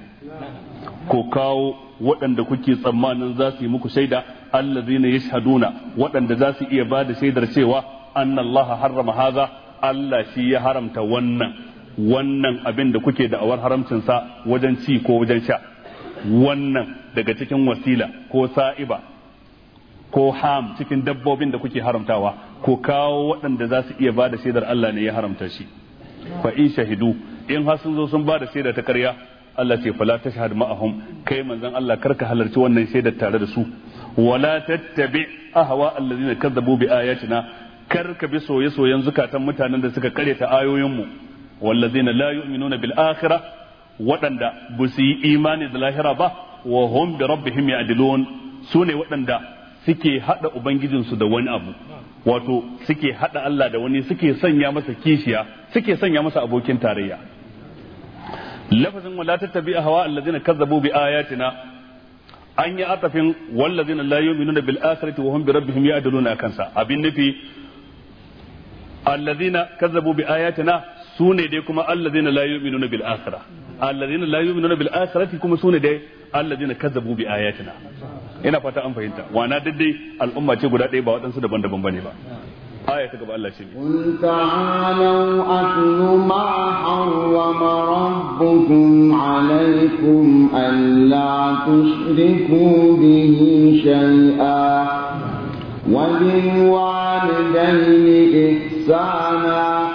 ko kawo waɗanda kuke tsammanin za su yi muku shaida allazina yashhaduna waɗanda za su iya da shaidar cewa annallaha harrama haza Allah shi ya haramta wannan wannan abin da kuke da'awar haramcin sa wajen ci ko wajen sha wannan daga cikin wasila ko sa'iba ko ham cikin dabbobin da kuke haramtawa ko kawo waɗanda za su iya bada shaidar Allah ne ya haramta shi fa in shahidu in har sun zo sun bada shaida ta karya Allah ce fala tashhad ma'ahum kai manzon Allah karka halarci wannan shaidar tare da su wala tattabi ahwa allazina kadzabu bi ayatina karka bi soye-soyen zukatan mutanen da suka ta ayoyin mu wallazina la yu'minuna bil akhirah waɗanda ba su yi imani da lahira ba wa hum bi rabbihim ya'dilun sune waɗanda suke hada ubangijinsu da wani abu wato suke hada Allah da wani suke sanya masa kishiya suke sanya masa abokin tarayya lafazin wala tattabi hawa allazina kazzabu bi ayatina an yi atafin wallazina la yu'minuna bil akhirati wa hum bi rabbihim kansa abin nufi kazzabu bi ayatina sune dai kuma la yu'minuna bil la yu'minuna bil akhirati kuma sune dai kazzabu bi ayatina ina fata an fahimta wana daddai al'umma ce guda ɗaya ba waɗansu daban-daban bane ba آية تقبل الله شيء قل تعالوا أتل ما حرم ربكم عليكم ألا تشركوا به شيئا وبالوالدين إحسانا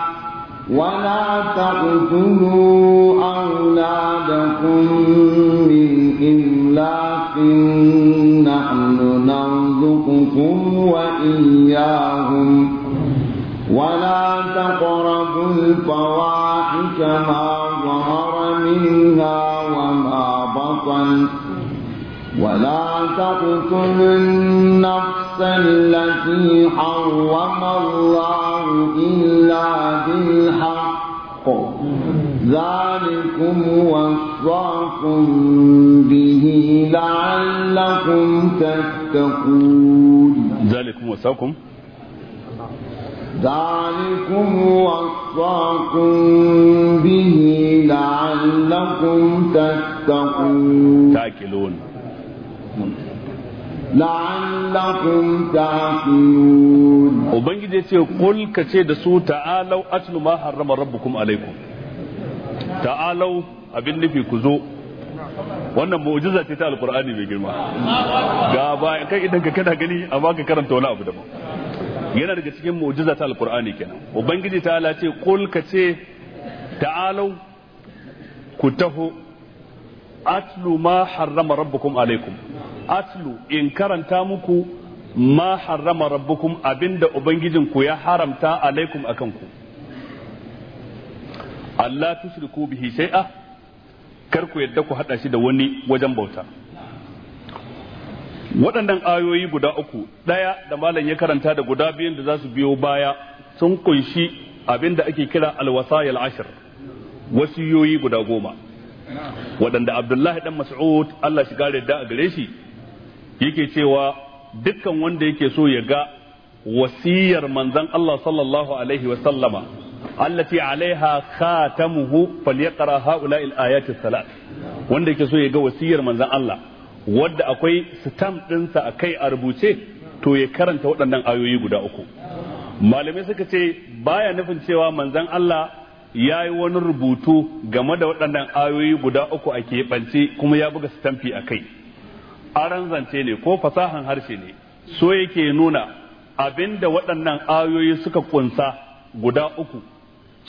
ولا تقتلوا أولادكم من إملاق لكن نحن نرزقكم وإياهم ولا تقربوا الفواحش ما ظهر منها وما بطن ولا تقتلوا النفس التي حرم الله إلا بالحق ذلكم وصاكم به لعلكم تتقون ذلكم وصاكم ذلكم وصاكم به لعلكم تتقون تأكلون la'allakum ta'qilun ubangiji yace kul kace da su ta'alau atlu ma harrama rabbukum alaikum ta'alau abin nufi ku zo wannan mu'jiza ce ta alqur'ani mai girma ga ba kai idan ka kada gani a ka karanta wani abu ba yana daga cikin mu'jiza ta alqur'ani kenan ubangiji ta ce kul ka ce ta'alau ku taho atlu ma harrama rabbukum alaikum atlu in karanta muku ma harrama rabbukum abinda ubangijinku ya haramta alaikum akan ku Allah tushriku bihi shay'a kar ku yadda ku hada shi da wani wajen bauta waɗannan ayoyi guda uku ɗaya da malam ya karanta da guda biyun da za su biyo baya sun kunshi abin da ake kira alwasayil ashir wasiyoyi guda goma waɗanda abdullahi dan mas'ud Allah shi gare da a gare shi yake cewa dukkan wanda yake so ya ga wasiyar manzon Allah sallallahu alaihi wa allati alaiha khatamuhu falyaqra haula al-ayati salat wanda yake so ya ga wasiyar manzon Allah wanda akwai stamp dinsa akai a rubuce to ya karanta waɗannan ayoyi guda uku malamai suka ce baya nufin cewa manzon Allah ya yi wani rubutu game da waɗannan ayoyi guda uku a keɓance kuma ya buga stamfi a kai aran zance ne ko fasahan harshe ne so yake nuna abinda waɗannan ayoyi suka kunsa guda uku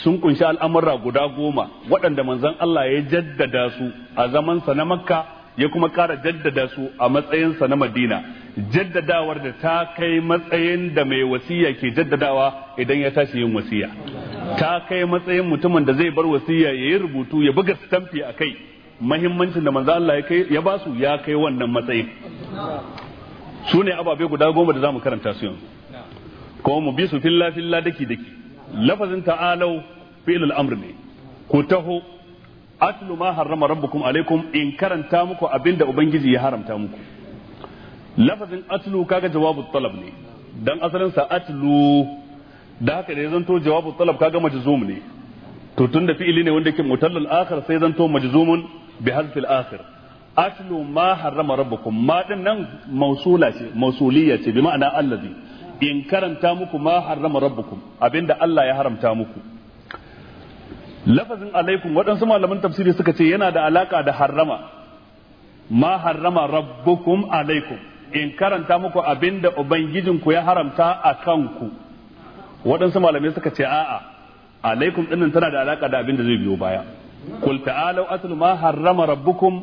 sun kunshi al'amurra guda goma waɗanda manzan Allah ya jaddada su a zamansa na makka ya kuma ƙara jaddada su a matsayinsa na madina jaddadawar da ta kai matsayin da mai wasiya ke jaddadawa idan ya tashi yin wasiya ta kai matsayin mutumin da zai bar wasiya ya yi rubutu ya buga stamfi a kai mahimmancin da manzan Allah ya ba su ya kai wannan matsayin su ne ababe guda goma da za mu karanta su yanzu kuma mu bi su filla filla daki daki lafazin ta'alau fi'il al ne ku taho atlu ma harrama rabbukum alaikum in karanta muku abinda ubangiji ya haramta muku lafazin atlu kaga jawabu talab ne dan asalin sa atlu da haka da zanto jawabu talab kaga majzum ne to tunda fi'ili ne wanda yake mutallal akhir sai zanto majzumun bi harfi akhir atlu ma harrama rabbukum ma din nan mausula ce mausuliya ce bi ma'ana allazi in karanta muku ma harrama rabbukum abinda Allah ya haramta muku lafazin alaikum waɗansu malaman tafsiri suka ce yana da alaka da harrama ma harrama rabbukum alaikum in karanta muku abinda ubangijinku ya haramta a kanku waɗansu malamai suka ce a'a alaikum dinnan tana da alaka da abinda zai biyo baya kul ta'alu atlu ma harrama rabbukum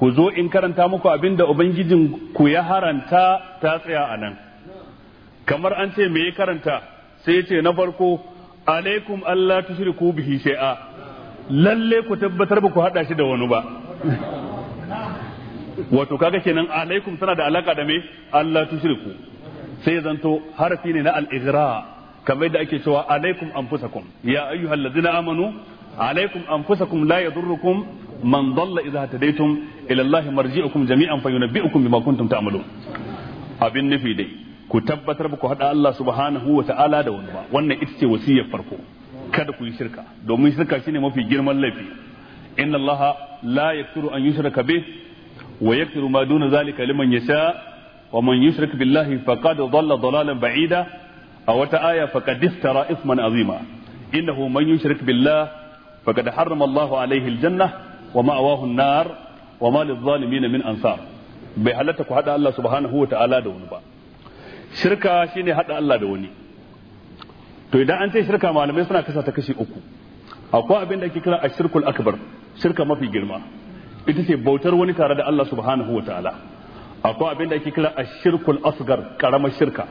ku zo in karanta muku abinda ubangijinku ya haramta ta tsaya a nan kamar an ce me ya karanta sai ce na farko alaikum Allah tushriku bihi shay'a lalle ku tabbatar ba ku hada shi da wani ba wato kaga kenan alaikum tana da alaka da me Allah tushriku sai zanto harfi ne na al-ijra kamar da ake cewa alaikum anfusakum ya ayyuhal ladina amanu alaikum anfusakum la yadurrukum man dalla idza hadaytum ila Allah marji'ukum jami'an fayunabbi'ukum bima kuntum ta'malun abin nufi dai ku tabbatar ba ku haɗa Allah subhanahu wa ta'ala da wani ba wannan ita ce wasiyar farko kada ku yi shirka domin shirka shine mafi girman laifi inna allaha la yaktiru an yushraka bih wa yaktiru ma duna zalika liman yasha wa man yushrik billahi faqad dhalla dhalalan ba'ida a wata aya faqad istara isman azima innahu man yushrik billahi faqad harrama allahu alayhi aljanna wa ma'awahu an-nar wa ma lidh-dhalimin min ansar bai halatta ku hada Allah subhanahu wa ta'ala da wani ba shirka shine hada Allah da wani to idan an ce shirka malamai suna kasa ta kashi uku akwai abin da ake kira a shirkul akbar shirka mafi girma ita ce bautar wani tare da Allah subhanahu wa ta'ala akwai abin da ake kira a shirkul asgar karamar shirka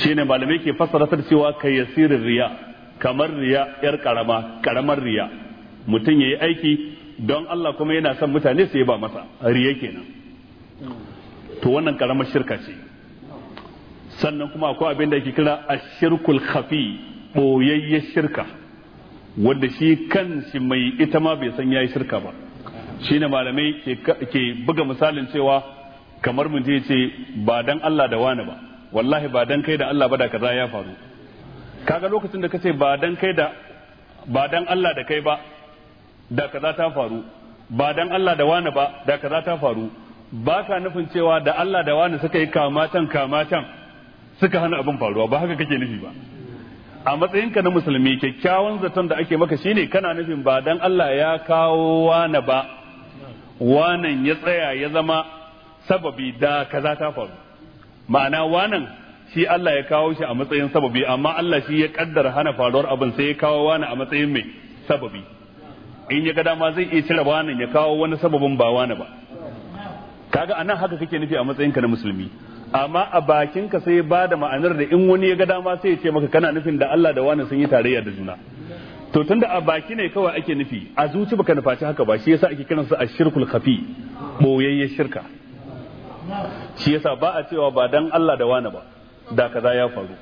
shine malamai ke fassara ta cewa kai yasirin riya kamar riya yar karama karamar riya mutum ya yi aiki don Allah kuma yana son mutane su yi ba masa riya kenan to wannan karamar shirka ce sannan kuma akwai abin da ke kira a shirkul khafi ɓoyayyar shirka wanda shi shi mai ita ma bai san yayi shirka ba Shi ne malamai ke buga misalin cewa kamar mun je ce ba dan Allah da wani ba wallahi ba dan kai da Allah ba da kaza ya faru kaga lokacin da kace ba dan kai da ba dan Allah da kai ba da kaza ta faru ba dan Allah da wani ba da kaza ta faru ba ka nufin cewa da Allah da wani suka yi kamatan kamatan suka hana abin faruwa ba haka kake nufi ba a matsayinka na musulmi kyakkyawan zaton da ake maka shine kana nufin ba dan Allah ya kawo wani ba wanan ya tsaya ya zama sababi da kaza ta faru ma'ana wanan shi Allah ya kawo shi a matsayin sababi amma Allah shi ya kaddara hana faruwar abin sai ya kawo wani a matsayin mai sababi in ya ga dama zai iya cire wanan ya kawo wani sababin ba wani ba kaga anan haka kake nufi a matsayinka na musulmi amma a bakinka sai ba da ma'anar da in wani ya ga dama sai ya ce maka kana nufin da Allah da wani sun yi tarayya da juna to tunda a baki ne kawai ake nufi a zuci baka nufaci haka ba shi yasa ake kiransa shirkul khafi boyayyen shirka shi yasa ba a cewa ba dan Allah da wani ba da kaza ya faru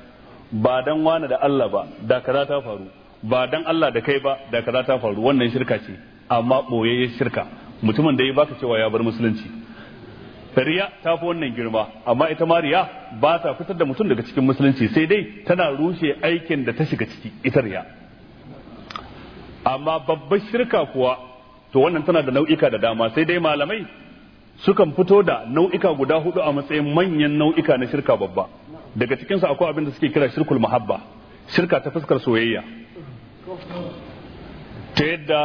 ba dan wani da Allah ba da kaza ta faru ba dan Allah da kai ba da kaza ta faru wannan shirka ce amma boyayyen shirka mutumin da ya baka cewa ya bar musulunci riya ta fi wannan girma amma ita ma riya ba ta fitar da mutum daga cikin musulunci sai dai tana rushe aikin da ta shiga ciki ita riya amma babbar shirka kuwa to wannan tana da nau'ika da dama sai dai malamai sukan fito da nau'ika guda hudu a matsayin manyan nau'ika na shirka babba daga cikinsu akwai abin da suke kira shirkul mahabba shirka ta fuskar soyayya ta yadda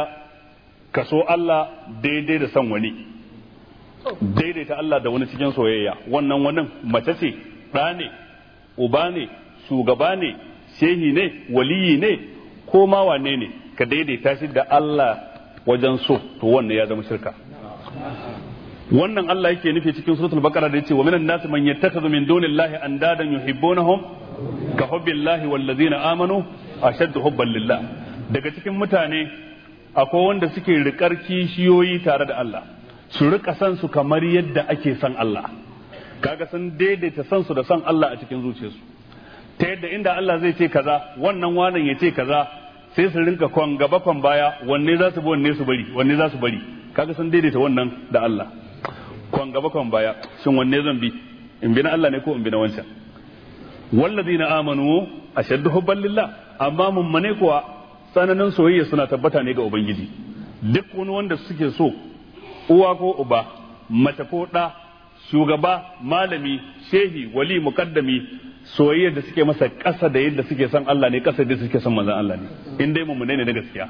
ka so Allah daidai da san wani daidaita Allah da wani cikin soyayya wannan wannan mace ce ɗa ne uba ne shugaba ne shehi ne waliyi ne ko ma wane ne ka daidaita shi da Allah wajen so to wannan ya zama shirka wannan Allah yake nufi cikin suratul baqara da yace wa minan nasi man yattakhadhu min dunillahi andadan yuhibbunahum ka hubbillahi wallazina amanu ashaddu hubban lillah daga cikin mutane akwai wanda suke riƙar kishiyoyi tare da Allah su rika san su kamar yadda ake san Allah kaga san daidaita san su da san Allah a cikin zuciyarsu ta yadda inda Allah zai ce kaza wannan wanan ya ce kaza sai su rinka kwan gaba kwan baya wanne za su bi wanne su bari wanne za su bari kaga san daidaita wannan da Allah kwan gaba kwan baya shin wanne zan bi in bi na Allah ne ko in bi na wancan walladina amanu ashaddu hubban lillah amma mun mane kuwa tsananin soyayya suna tabbata ne ga ubangiji duk wani wanda suke so uwa ko uba mace ko ɗa shugaba malami shehi wali mukaddami soyayyar da suke masa ƙasa da yadda suke son Allah ne ƙasa da suke son manzon Allah ne in dai mummune ne na gaskiya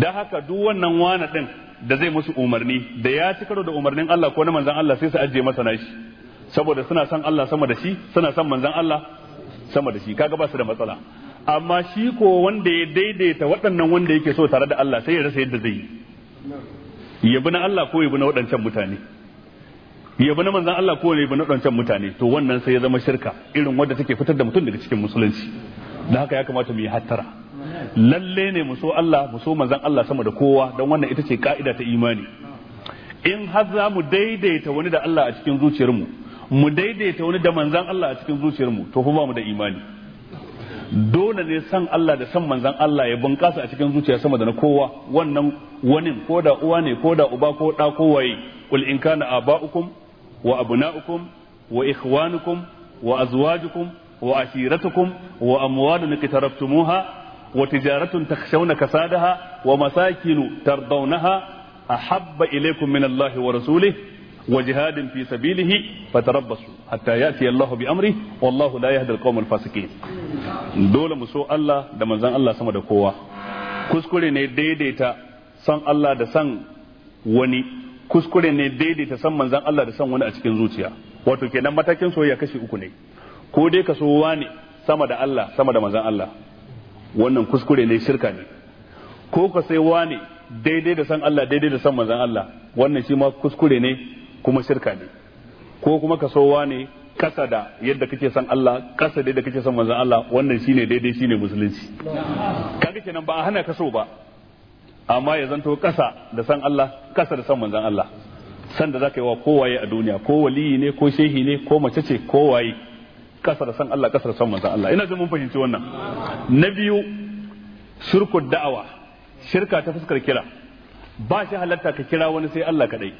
da haka duk wannan wani din da zai musu umarni da ya ci karo da umarnin Allah ko na manzon Allah sai su ajiye masa nashi saboda suna son Allah sama da shi suna son manzon Allah sama da shi kaga ba su da matsala amma shi ko wanda ya daidaita waɗannan wanda yake so tare da Allah sai ya rasa yadda zai yi yabi na Allah ko yabi na waɗancan mutane yabi na manzan Allah ko yabi na waɗancan mutane to wannan sai ya zama shirka irin wadda take fitar da mutum daga cikin musulunci da haka ya kamata mu yi hattara lalle ne mu so Allah mu so manzan Allah sama da kowa don wannan ita ce ka'ida ta imani in har za mu daidaita wani da Allah a cikin zuciyarmu mu daidaita wani da manzan Allah a cikin zuciyarmu to ba mu da imani dole ne san Allah da san manzan Allah ya bunƙasa a cikin zuciya sama da na kowa wannan wani ko da uwa ne ko da uba ko da ko waye kul in kana aba'ukum wa abna'ukum wa ikhwanukum wa azwajukum wa ashiratukum wa amwalun iqtaraftumuha wa tijaratun takhshawna kasadaha wa masakin tardawnaha ahabba ilaykum min Allahi wa rasulihi وجهاد في سبيله فتربصوا حتى ياتي الله بامره والله لا يهدي القوم الفاسقين dole mu so Allah da manzon Allah sama da kowa kuskure ne daidaita san Allah da san wani kuskure ne daidaita san manzan Allah da san wani a cikin zuciya wato kenan matakin soyayya kashi uku ne ko dai ka so wani sama da Allah sama da manzan Allah wannan kuskure ne shirka ne ko ka sai wani daidai da san Allah daidai da san manzan Allah wannan shi ma kuskure ne kuma shirka ne ko kuma ka so wani kasa da yadda kake san Allah kasa da yadda kake san manzan Allah wannan shine daidai shine musulunci kaga kenan ba a hana ka so ba amma ya zanto kasa da san Allah kasa da san manzon Allah san da zaka yi wa kowaye a duniya ko waliyi ne ko shehi ne ko mace ce ko waye kasa da san Allah kasa da san manzon Allah ina jin mun fahimci wannan na biyu shirku da'awa shirka ta fuskar kira ba shi halatta ka kira wani sai Allah kadai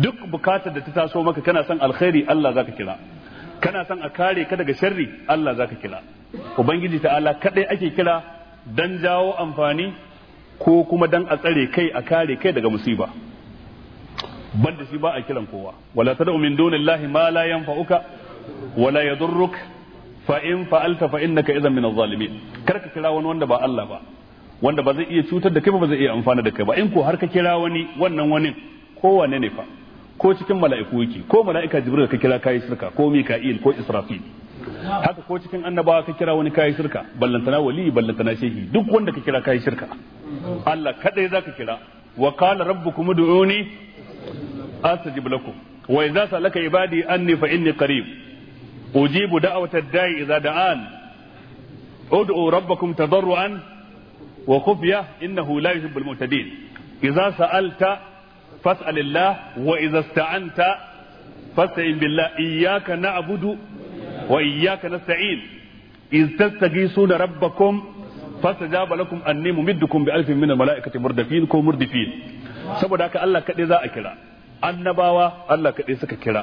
duk bukatar da ta taso maka kana son alkhairi Allah zaka kira kana son a kare ka daga sharri Allah zaka kira ubangiji ta'ala kadai ake kira dan jawo amfani ko kuma dan a tsare kai a kare kai daga musiba banda shi ba a kiran kowa wala tad'u min dunillahi ma la yanfa'uka wala yadurruk fa in fa'alta fa innaka idhan min adh-dhalimin kar ka kira wani wanda ba Allah ba wanda ba zai iya cutar da kai ba zai iya amfana da kai ba in ko har ka kira wani wannan wani wane ne fa ko cikin mala'iku yake ko mala'ika jibril ka kira kai shirka ko mika'il ko israfil haka ko cikin annabawa ka kira wani kayi shirka ballantana wali ballantana shehi duk wanda ka kira kayi shirka Allah kadai zaka kira wa qala rabbukum ud'uni astajib lakum wa idza salaka ibadi anni fa inni qarib ujibu da'wata ad-da'i idza da'an ud'u rabbakum tadarruan wa khufya innahu la yuhibbul mu'tadin idza sa'alta fas'alillah wa idza ista'anta fasta'in billah iyyaka na'budu wa iyyaka nasta'in iz tastaghithuna rabbakum fastajaba lakum anni mumiddukum bi alfin min almalaikati murdifin ko murdifin saboda haka Allah kade za a kira annabawa Allah kade suka kira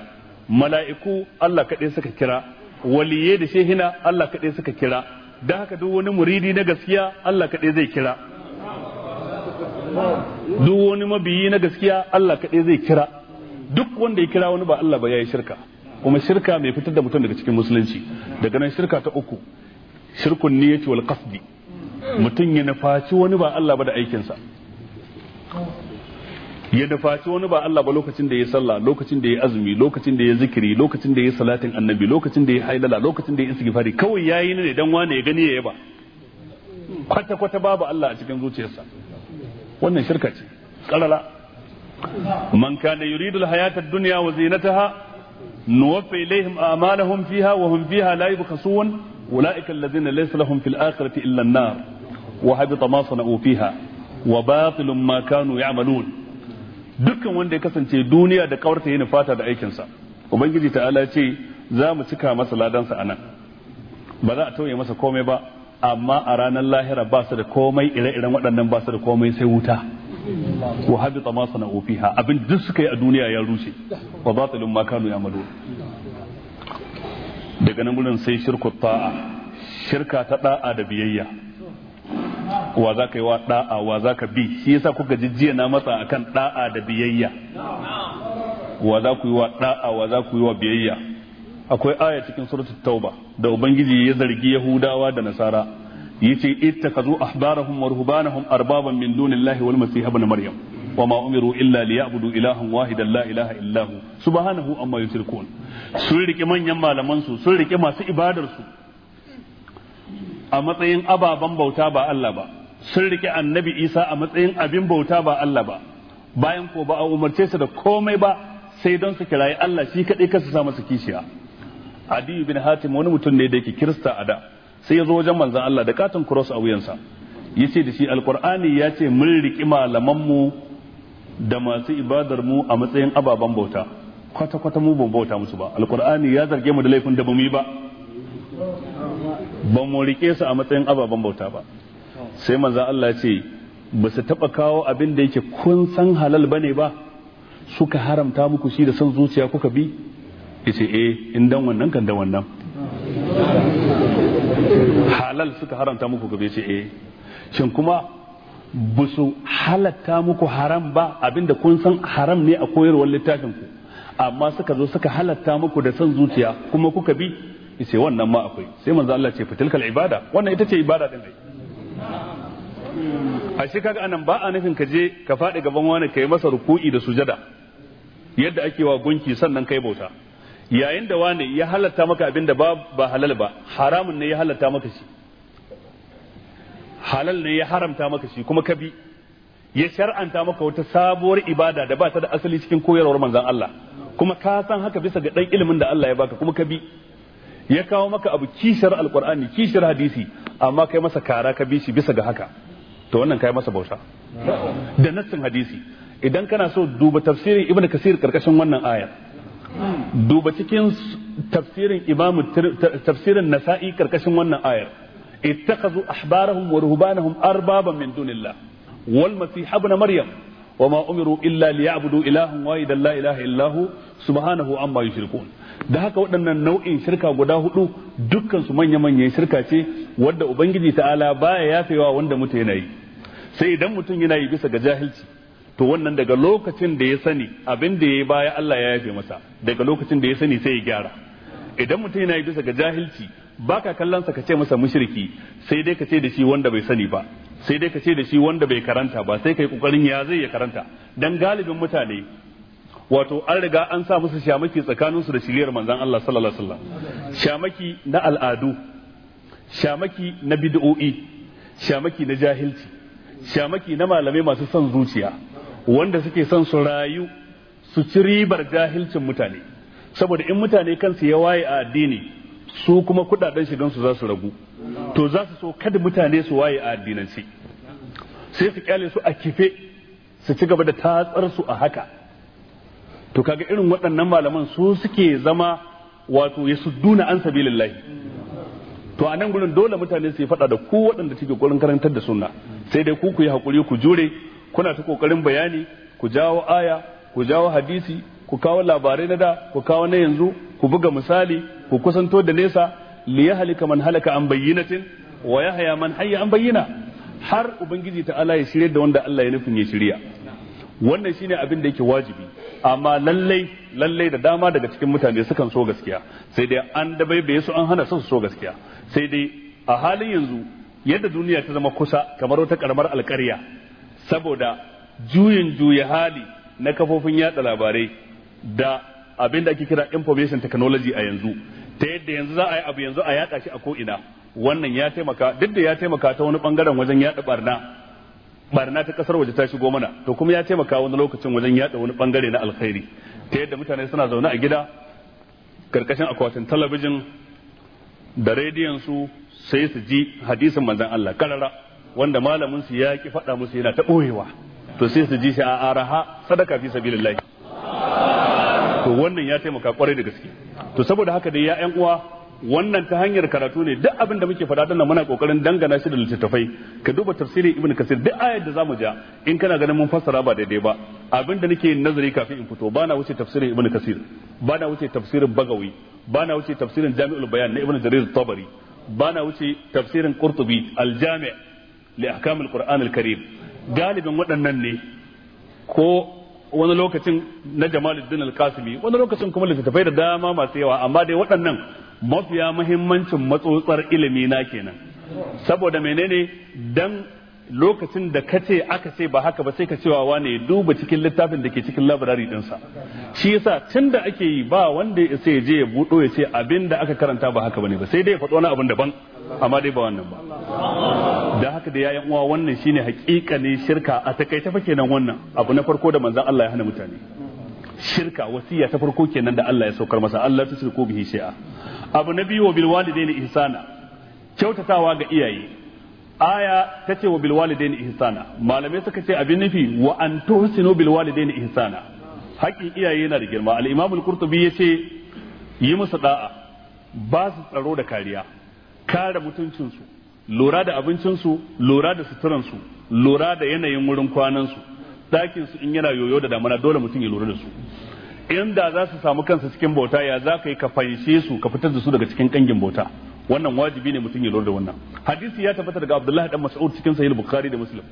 mala'iku Allah kade suka kira waliyai da shehina Allah kade suka kira dan haka duk wani muridi na gaskiya Allah kade zai kira duk wani mabiyi na gaskiya Allah kade zai kira duk wanda ya kira wani ba Allah ba yayi shirka kuma shirka mai fitar da mutum daga cikin musulunci daga nan shirka ta uku shirkun ne wal kasdi mutum ya nufaci wani ba Allah ba da aikinsa ya nufaci wani ba Allah ba lokacin da ya sallah lokacin da ya azumi lokacin da ya zikiri lokacin da ya salatin annabi lokacin da ya haidala lokacin da ya istighfari kawai yayi ne dan wane ya gani ya yaba kwata kwata babu Allah a cikin zuciyarsa wannan shirka ce qarala man kana yuridu al-hayata ad-dunya wa zinataha nuwaffi ilaihim a'malahum fiha wa hum fiha la yubkhasun ulaika alladhina laysa lahum fil akhirati illa an-nar wa habita ma sana'u fiha wa dukkan wanda ya kasance duniya da kawarta yana fata da aikinsa ubangiji ta'ala ce za mu cika masa ladansa nan. ba za a tauye masa komai ba amma a ranar lahira ba su da komai ire-iren waɗannan ba su da komai sai wuta wa hadita ma sana'u fiha abin duk suka yi a duniya ya rushe wa batilun ma kanu daga nan gurin sai shirku ta'a shirka ta ɗa'a da biyayya wa za ka yi wa da'a wa za ka bi shi yasa kuka jijjiya na masa akan ɗa'a da biyayya wa za ku yi wa da'a wa za ku yi wa biyayya akwai aya cikin suratul tauba da ubangiji ya zargi yahudawa da nasara yace ittakazu ahbarahum wa ruhbanahum arbaban min dunillahi wal masih ibn maryam wama umiru illa liya'budu ilahan wahidan la ilaha illa hu subhanahu amma yushrikun sun rike manyan malaman su sun rike masu ibadar su a matsayin ababen bauta ba Allah ba sun rike annabi Isa a matsayin abin bauta ba Allah ba bayan ko ba a umarce su da komai ba sai don su kirayi Allah shi kadai kasu sa masa kishiya Adi bin Hatim wani mutum ne da yake Kirista a da sai ya zo wajen manzan Allah da katon cross a wuyansa ya ce da shi alkur'ani ya ce mun riƙi malamanmu da masu ibadar mu a matsayin ababen bauta kwata kwata mu ban bauta musu ba alkur'ani ya zarge mu da laifin da bamu ba ba mu rike su a matsayin ababen bauta ba sai manzan Allah ya ce ba su taba kawo abin da yake kun san halal ne ba suka haramta muku shi da san zuciya kuka bi yace eh in dan wannan kan da wannan halal suka haramta muku gabe ce eh shin kuma ba su halatta muku haram ba abinda kun san haram ne a koyarwar littafin ku amma suka zo suka halatta muku da son zuciya kuma kuka bi ce wannan ma akwai sai manzo Allah ce fitilkal ibada wannan ita ce ibada din a shi kaga anan ba a nufin ka je ka faɗi gaban wani kai masa ruku'i da sujada yadda ake wa gunki sannan kai bauta yayin da wani ya halatta maka abin da ba halal ba haramun ne ya halatta maka shi halal ne ya haramta maka shi kuma ka bi ya shar'anta maka wata sabuwar ibada da ba ta da asali cikin koyarwar manzon Allah kuma ka san haka bisa ga dan ilimin da Allah ya baka kuma ka bi ya kawo maka abu kishar alqur'ani kishar hadisi amma kai masa kara ka bi shi bisa ga haka to wannan kai masa bauta da nassin hadisi idan kana so duba tafsirin ibnu kasir karkashin wannan ayar duba cikin tafsirin imamu tafsirin nasa'i karkashin wannan ayar ittakhadhu ahbarahum wa ruhbanahum arbaban min dunillah wal masih ibn maryam وما umiru إلا ليعبدوا إلها ilahan لا إله إلا هو subhanahu amma yushrikun da haka waɗannan nau'in shirka guda hudu dukkan su manya-manyan shirka ce wanda ubangiji ta'ala baya yafewa wanda mutum yana yi sai idan mutum yana yi bisa ga jahilci to wannan daga lokacin da ya sani abin da ya yi baya Allah ya yafe masa daga lokacin da ya sani sai ya gyara idan mutum yana yi bisa ga jahilci baka kallon sa ka ce masa mushriki sai dai ka ce da shi wanda bai sani ba sai dai ka ce da shi wanda bai karanta ba sai kai kokarin ya zai ya karanta dan galibin mutane wato an riga an sa musu shamaki tsakanin su da shiriyar manzon Allah sallallahu alaihi wasallam shamaki na al'adu shamaki na bid'o'i shamaki na jahilci shamaki na malamai masu son zuciya wanda suke son su rayu su ci ribar jahilcin mutane saboda in mutane kansu ya waye a addini su kuma kudaden shigan su za su ragu to za su so kada mutane su waye a addinance sai su kyale su a kife su ci gaba da tatsar su a haka to kaga irin waɗannan malaman su suke zama wato ya sudduna an sabilillahi to a nan gurin dole mutane su yi faɗa da ku waɗanda suke gurin karantar da sunna sai dai ku ku yi hakuri ku jure kuna ta kokarin bayani ku jawo aya ku jawo hadisi ku kawo labarai na da ku kawo na yanzu ku buga misali ku kusanto da nesa li yahlika man halaka an bayyinatin wa yahya man hayya an bayyana har ubangiji ta Allah ya shirye da wanda Allah ya nufin ya shirya wannan shine abin da yake wajibi amma lallai lallai da dama daga cikin mutane sukan so gaskiya sai dai an dabaibaye su an hana su so gaskiya sai dai a halin yanzu yadda duniya ta zama kusa kamar wata karamar alƙarya. saboda juyin juya hali na kafofin yada labarai da abin da ake kira information technology a yanzu ta yadda yanzu za a yi abu yanzu a yada shi a ko'ina wannan ya taimaka duk da ya taimaka ta wani bangaren wajen yada barna barna ta kasar waje ta shigo mana to kuma ya taimaka wani lokacin wajen yada wani bangare na alkhairi ta yadda mutane suna zaune a gida karkashin akwatin talabijin da rediyon su sai su ji hadisin manzon Allah karara wanda malamin su ya ki faɗa musu yana ta ɓoyewa to sai su ji shi a araha sadaka fi sabilillahi to wannan ya taimaka kwarai da gaske to saboda haka dai ya ƴan uwa wannan ta hanyar karatu ne duk abin da muke faɗa dana muna kokarin dangana shi da littattafai ka duba tafsirin ibn kasir duk ayar da zamu ja in kana ganin mun fassara ba daidai ba abin da nake nazari kafin in fito bana wuce tafsirin ibn kasir bana wuce tafsirin bagawi bana wuce tafsirin jami'ul bayan na ibn jarir tabari bana wuce tafsirin qurtubi al li ahkamil qur'an al-karim galibin waɗannan ne ko wani lokacin na Jamaluddin al-Kasimi wani lokacin kuma littattafai da dama masu yawa amma dai waɗannan mafiya muhimmancin matsotsar ilimi na kenan saboda menene dan lokacin da ka ce aka ce ba haka ba sai ka cewa wane ya duba cikin littafin da ke cikin labarari dinsa shi yasa tun da ake yi ba wanda ya sai je ya buɗo ya ce abin da aka karanta ba haka bane ba sai dai ya faɗo wani abin daban amma dai ba wannan ba da haka da yayan uwa wannan shine hakika ne shirka a takaice fa kenan wannan abu na farko da manzon Allah ya hana mutane shirka wasiya ta farko kenan da Allah ya saukar masa Allah ta shirku bihi shi'a abu na biyu wa bil walidaini ihsana kyautatawa ga iyaye aya ta ce wa bil walidaini ihsana malamai suka ce abin nufi wa an tuhsinu bil walidaini ihsana haƙƙin iyaye yana da girma al-imam al-qurtubi yace yi musu da'a ba su tsaro da kariya kare mutuncinsu lura da abincinsu lura da suturansu lura da yanayin wurin kwanansu ɗakinsu in yana yoyo da damana dole mutum ya lura da su inda za su samu kansu cikin bauta ya za ka yi ka fanshe su ka fitar da su daga cikin kangin bauta wannan wajibi ne mutum ya lura da wannan hadisi ya tabbata daga Abdullahi dan Mas'ud cikin sahih Bukhari da Muslim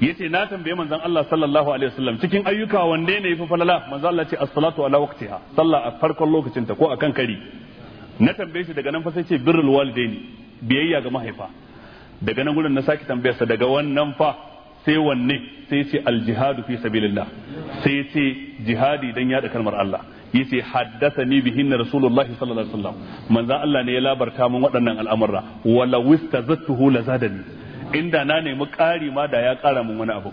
yace na tambaye manzon Allah sallallahu alaihi wasallam cikin ayyuka wanne ne yafi falala manzon Allah ce as-salatu ala waqtiha sallah a farkon lokacin ta ko akan kari na tambaye shi daga nan fa sai ce birrul walidaini biyayya ga mahaifa daga nan gurin na saki tambayar sa daga wannan fa sai wanne sai ce al-jihadu fi sabilillah sai ce jihadi dan yada kalmar Allah yace haddathani bihinna rasulullah sallallahu alaihi wasallam manzo Allah ne ya labarta min waɗannan al'amura wala wista wistazattuhu lazadani inda na nemi ƙari ma da ya ƙara min wani abu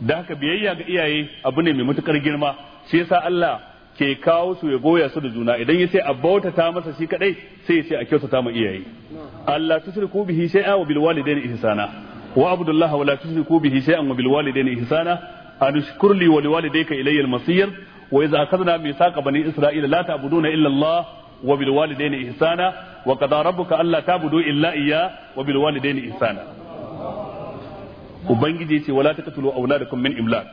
da haka biyayya ga iyaye abu ne mai matukar girma shi yasa Allah ke kawo su ya goya su da juna idan ya ce a bautata masa shi kadai sai ya ce a kyautata ma iyaye Allah tusriku bihi shay'a wa bil walidayni ihsana wa abdullah wa la tusriku bihi shay'an wa bil walidayni ihsana an li wa liwalidayka ilayya al masir wa idza akhadna mithaqa bani isra'ila la ta'buduna illa Allah wa bil walidayni ihsana wa qada rabbuka alla ta'budu illa iyya wa bil walidayni ihsana ubangiji ce wala taqtulu auladakum min imlak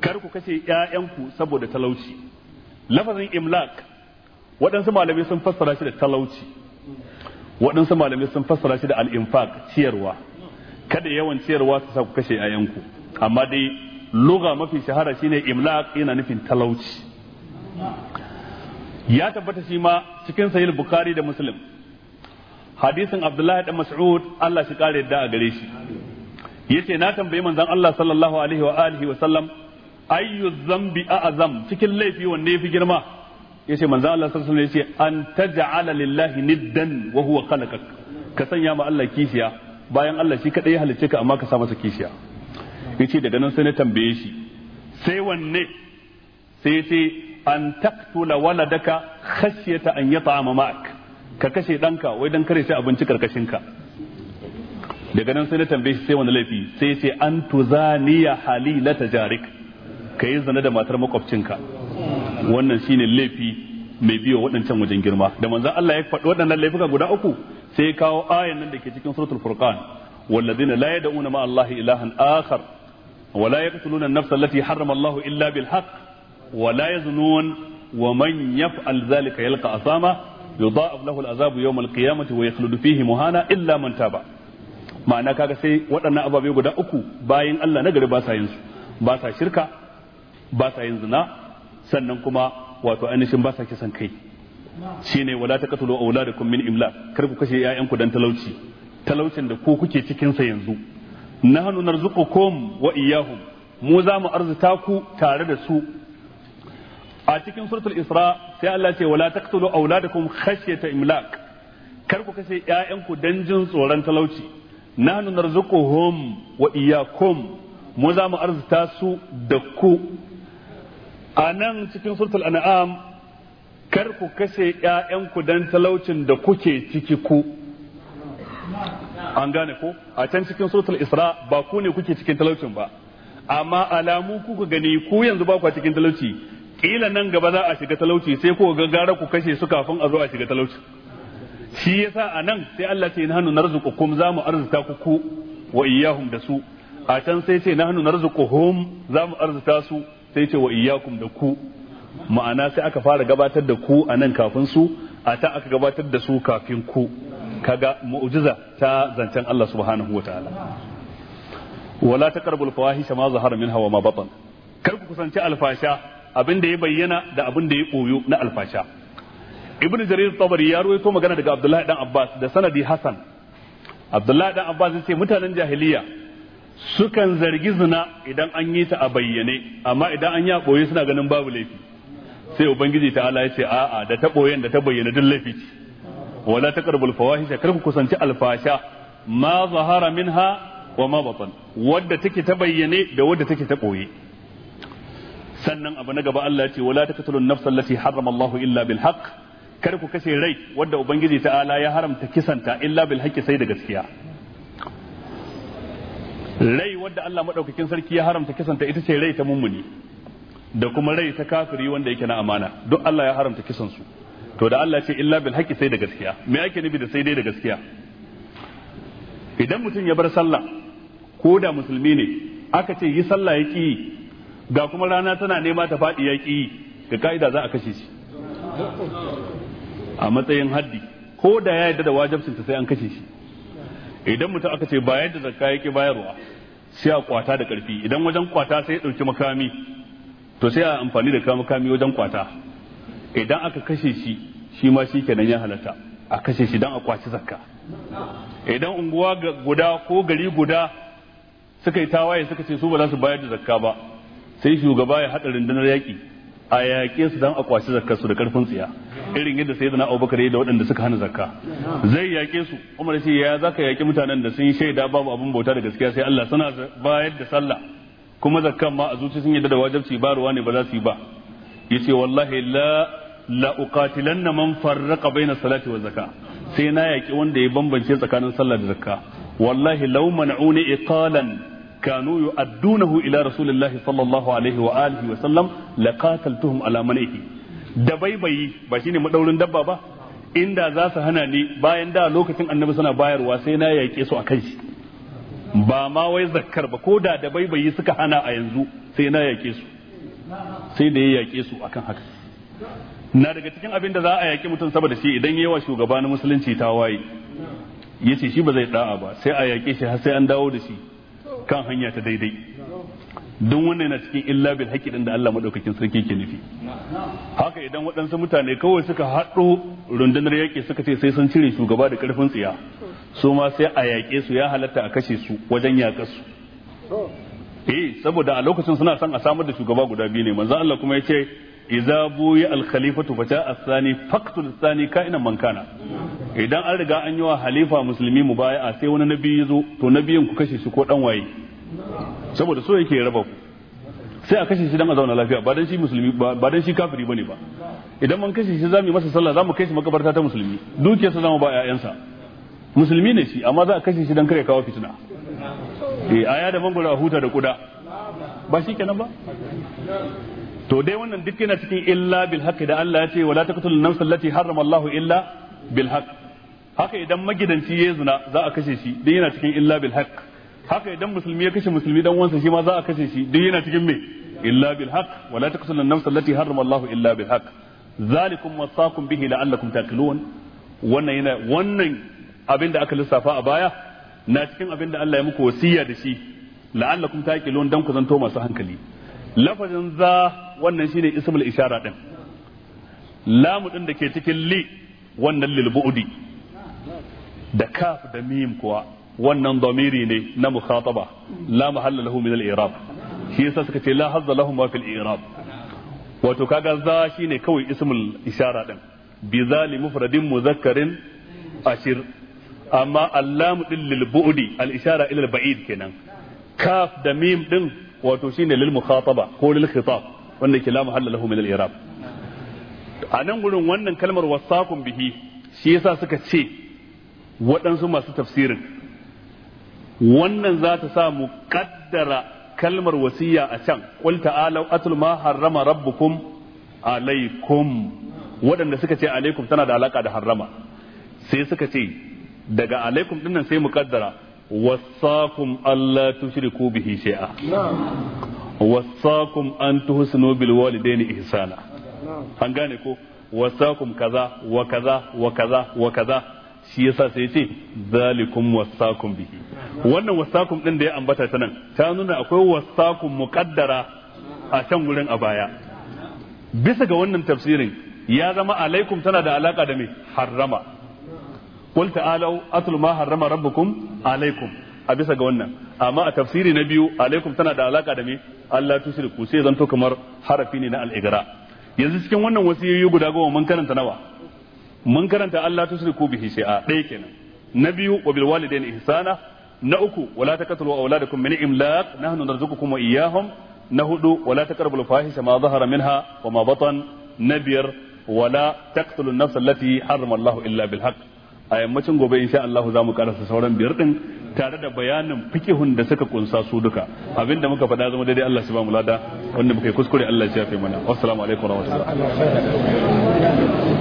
kar ku kashe ƴaƴanku saboda talauci lafazin imlak waɗansu malamai sun fassara shi da talauci waɗansu malamai sun fassara shi da al ciyarwa kada yawan ciyarwa su sa ku kashe ƴaƴanku amma dai lugha mafi shahara shine imlaq yana nufin talauci ya tabbata shi ma cikin sahih bukhari da muslim hadisin abdullahi da mas'ud Allah shi kare da a gare shi yace na tambayi manzon Allah sallallahu alaihi wa alihi wa sallam ayyu dhanbi a'zam cikin laifi wanne yafi girma yace manzon Allah sallallahu alaihi wa yace an taj'ala lillahi niddan wa huwa khalaqak ka sanya ma Allah kishiya bayan Allah shi kadai ya halicce ka amma ka sa masa kishiya ce daga nan sai na tambaye shi sai wanne sai yace an taqtula waladaka khashyata an yata'ama ma'ak ka kashe danka wai dan kare shi abinci karkashin ka daga nan sai na tambaye shi sai wanne laifi sai yace an tuzaniya halilata jarik yi zana da matar makwabcinka wannan shine laifi mai biyo waɗancan wajen girma da manzan Allah ya faɗi waɗannan laifuka guda uku sai ya kawo ayan nan da ke cikin suratul furqan walladina la una ma Allah ilahan akhar ولا يقتلون النفس التي حرم الله إلا بالحق ولا يزنون ومن يفعل ذلك يلقى أثاما يضاعف له العذاب يوم القيامة ويخلد فيه مهانا إلا من تاب ma'ana kaga sai waɗannan ababe guda uku bayan Allah na gari ba sa yin su ba sa shirka ba sa yin zina sannan kuma wato ainihin ba sa kisan kai shine wala taqtulu awladakum min imla kar ku kashe ƴaƴanku don talauci talaucin da ko kuke cikinsa yanzu nahnu narzuqukum wa iyyahum mu za mu arzuta ku tare da su a cikin suratul isra sai Allah ce wala taqtulu auladakum khashyata imlak kar ku kashe 'ya'yanku dan jin tsoron talauci nahnu narzuquhum wa iyyakum mu za mu arzuta su da ku a nan cikin suratul an'am kar ku kashe 'ya'yanku dan talaucin da kuke ciki ku an gane ko a can cikin suratul isra ba ku ne kuke cikin talaucin ba amma alamu kuka gani ku yanzu ba ku a cikin talauci kila nan gaba za a shiga talauci sai ku ga gara ku kashe su kafin a zo a shiga talauci shi yasa a nan sai Allah ce nahnu narzuqukum za mu arzuta ku ku wa iyyahum da su a can sai ce nahnu narzuquhum za mu arzuta su sai ce wa iyyakum da ku ma'ana sai aka fara gabatar da ku a nan kafin su a ta aka gabatar da su kafin ku kaga mu'jiza ta zancen Allah subhanahu wa ta'ala. wala taqrabul fawahisha ma zahara minha wa ma batan kar ku kusanci alfasha abin da ya bayyana da abin da ya koyo na alfasha ibnu jarir tabari ya ruwaito magana daga abdullahi dan abbas da sanadi hasan abdullahi dan abbas ya ce mutanen jahiliya sukan zargi zina idan an yi ta a bayyane amma idan an yi a ɓoye suna ganin babu laifi sai ubangiji ta'ala ya ce a'a da ta boyen da ta bayyana duk laifi wala taqrabul fawahisha kar ku kusanci alfasha ma zahara minha wa ma batan wadda take ta bayyane da wadda take ta boye sannan abu na gaba Allah ce wala taqtulun nafsal lati harrama Allahu illa bil haqq kar ku kashe rai wadda ubangiji ta'ala ya haramta kisanta illa bil haqqi sai da gaskiya rai wadda Allah madaukakin sarki ya haramta kisanta ita ce rai ta mummuni da kuma rai ta kafiri wanda yake na amana duk Allah ya haramta kisan su to da Allah ce illa bil haqqi sai da gaskiya me ake nufi da sai dai da gaskiya idan mutum ya bar sallah ko da musulmi ne aka ce yi sallah ya ki ga kuma rana tana nema ta faɗi ya ki ga ka'ida za a kashe shi a matsayin haddi ko da ya yarda da wajibcinta sai an kashe shi idan mutum aka ce bayar da zakka yake bayarwa sai a kwata da karfi idan wajen kwata sai ya dauki makami to sai a amfani da makami wajen kwata idan aka kashe shi shi ma shi kenan ya halatta a kashe shi dan a kwaci zakka idan unguwa guda ko gari guda suka yi tawaye suka ce su ba za su bayar da zakka ba sai shugaba ya haɗa rundunar yaƙi a yaƙe su don a zakka zakkarsu da ƙarfin tsiya irin yadda sai na abubakar da waɗanda suka hana zakka zai yaƙe su umar shi ya za ka yaƙi mutanen da sun shaida babu abin bauta da gaskiya sai Allah suna bayar da sallah kuma zakkan ma a zuci sun yadda da wajabci ba ruwa ne ba za su yi ba yace wallahi la laukatilan uqatilanna man farraqa baina salati wa zakka sai na yaki wanda ya bambance tsakanin sallah da zakka wallahi law man'uni iqalan kanu yu'addunahu ila rasulillah sallallahu alaihi wa alihi wa sallam laqataltuhum ala manihi da baibayi ba shine madaurin dabba ba inda za su hana ni bayan da lokacin annabi suna bayarwa sai na yaƙe su a kai shi ba ma wai zakkar ba ko da da baibayi suka hana a yanzu sai na yaƙe su sai da ya yaƙe su akan haka na daga cikin abin da za a yaki mutum saboda shi idan yawa shugaba na musulunci ta waye yace shi ba zai da'a ba sai a yake shi har sai an dawo da shi kan hanya ta daidai don wannan yana cikin illa bil haƙi ɗin da Allah madaukakin sarki ke nufi haka idan waɗansu mutane kawai suka haɗo rundunar yaƙi suka ce sai sun cire shugaba da ƙarfin tsiya su ma sai a yaƙe su ya halatta a kashe su wajen yaƙa su eh saboda a lokacin suna son a samar da shugaba guda biyu ne manzo Allah kuma ya ce idza buyi al khalifatu fata as-sani faqtul sani ka'inan man kana idan an riga an yi wa halifa musulmi mubaya'a sai wani nabi ya zo to nabiyin ku kashe shi ko dan waye saboda so yake raba ku sai a kashe shi dan a zauna lafiya ba dan shi musulmi ba dan shi kafiri bane ba idan man kashe shi zamu masa sallah zamu kai shi makabarta ta musulmi dukiyarsa zamu ba ƴaƴansa musulmi ne shi amma za a kashe shi dan kare kawo fitina eh aya da mangoro a huta da kuda ba shi kenan ba to dai wannan duk yana cikin illa bil haqqi da Allah ya ce wala taqtul nafsa allati harrama Allah illa bil haqq haka idan magidanci ya zina za a kashe shi duk yana cikin illa bil haqq haka idan musulmi ya kashe musulmi dan wansa shi ma za a kashe shi duk yana cikin me illa bil haqq wala taqtul nafsa allati harrama Allah illa bil haqq zalikum wasaqum bihi la'allakum taqilun wannan yana wannan abin da aka lissafa a baya na cikin abin da Allah ya muku wasiya da shi la'allakum taqilun dan ku zanto masu hankali lafazin za wannan shine ismul ishara din lamu din da ke cikin li wannan lil bu'di da kaf da mim kuwa wannan damiri ne na mukhataba la mahalla lahu min al-i'rab shi yasa suka ce la hazza lahum ma fil i'rab wato kaga za shine kawai ismul ishara din bi zali mufradin muzakkarin ashir amma allamu din lil bu'di al-ishara ila al-ba'id kenan kaf da mim din wato shine lil mukhataba ko lil khitab wanda ke la mahalla lahu min al i'rab a nan gurin wannan kalmar wasaqum bihi shi yasa suka ce waɗansu masu tafsirin wannan za ta sa mu kaddara kalmar wasiya a can qul ta'alu atul ma harrama rabbukum alaikum waɗanda suka ce alaikum tana da alaka da harrama sai suka ce daga alaikum dinnan sai mu kaddara wasakum Allah tushriku bihi shay'a wasakum an tuhsinu bil walidaini ihsana an gane ko wasakum kaza wa kaza wa kaza wa kaza shi yasa sai ce, zalikum wasakum bihi wannan wasakum din da ya ambata ta nan ta nuna akwai wasakum muqaddara a can gurin a baya bisa ga wannan tafsirin ya zama alaikum tana da alaka da me harrama qul ta'alu atlu ma harrama rabbukum alaikum a bisa ga wannan amma a tafsiri na biyu alaikum tana da alaka da me Allah tushriku sai zanto kamar harafi ne na al yanzu cikin wannan wasiyoyi guda goma mun karanta nawa mun karanta Allah tushriku bihi shay'a ɗaya kenan na biyu wa bil walidayni ihsana na uku wala taqtulu awladakum min imlaq nahnu narzuqukum wa iyyahum na hudu wala taqrabul fahisha ma zahara minha wa ma batan na biyar wala taqtulu na nafs allati harrama Allah illa bilhak. a yammacin gobe insha Allah za mu karasa sauran biyar din tare da bayanin fikihun da suka kunsa su duka abinda muka faɗa zama daidai Allah shi ba mu lada wanda muka yi kuskure Allah ya shafe mana assalamu alaikum warahmatullahi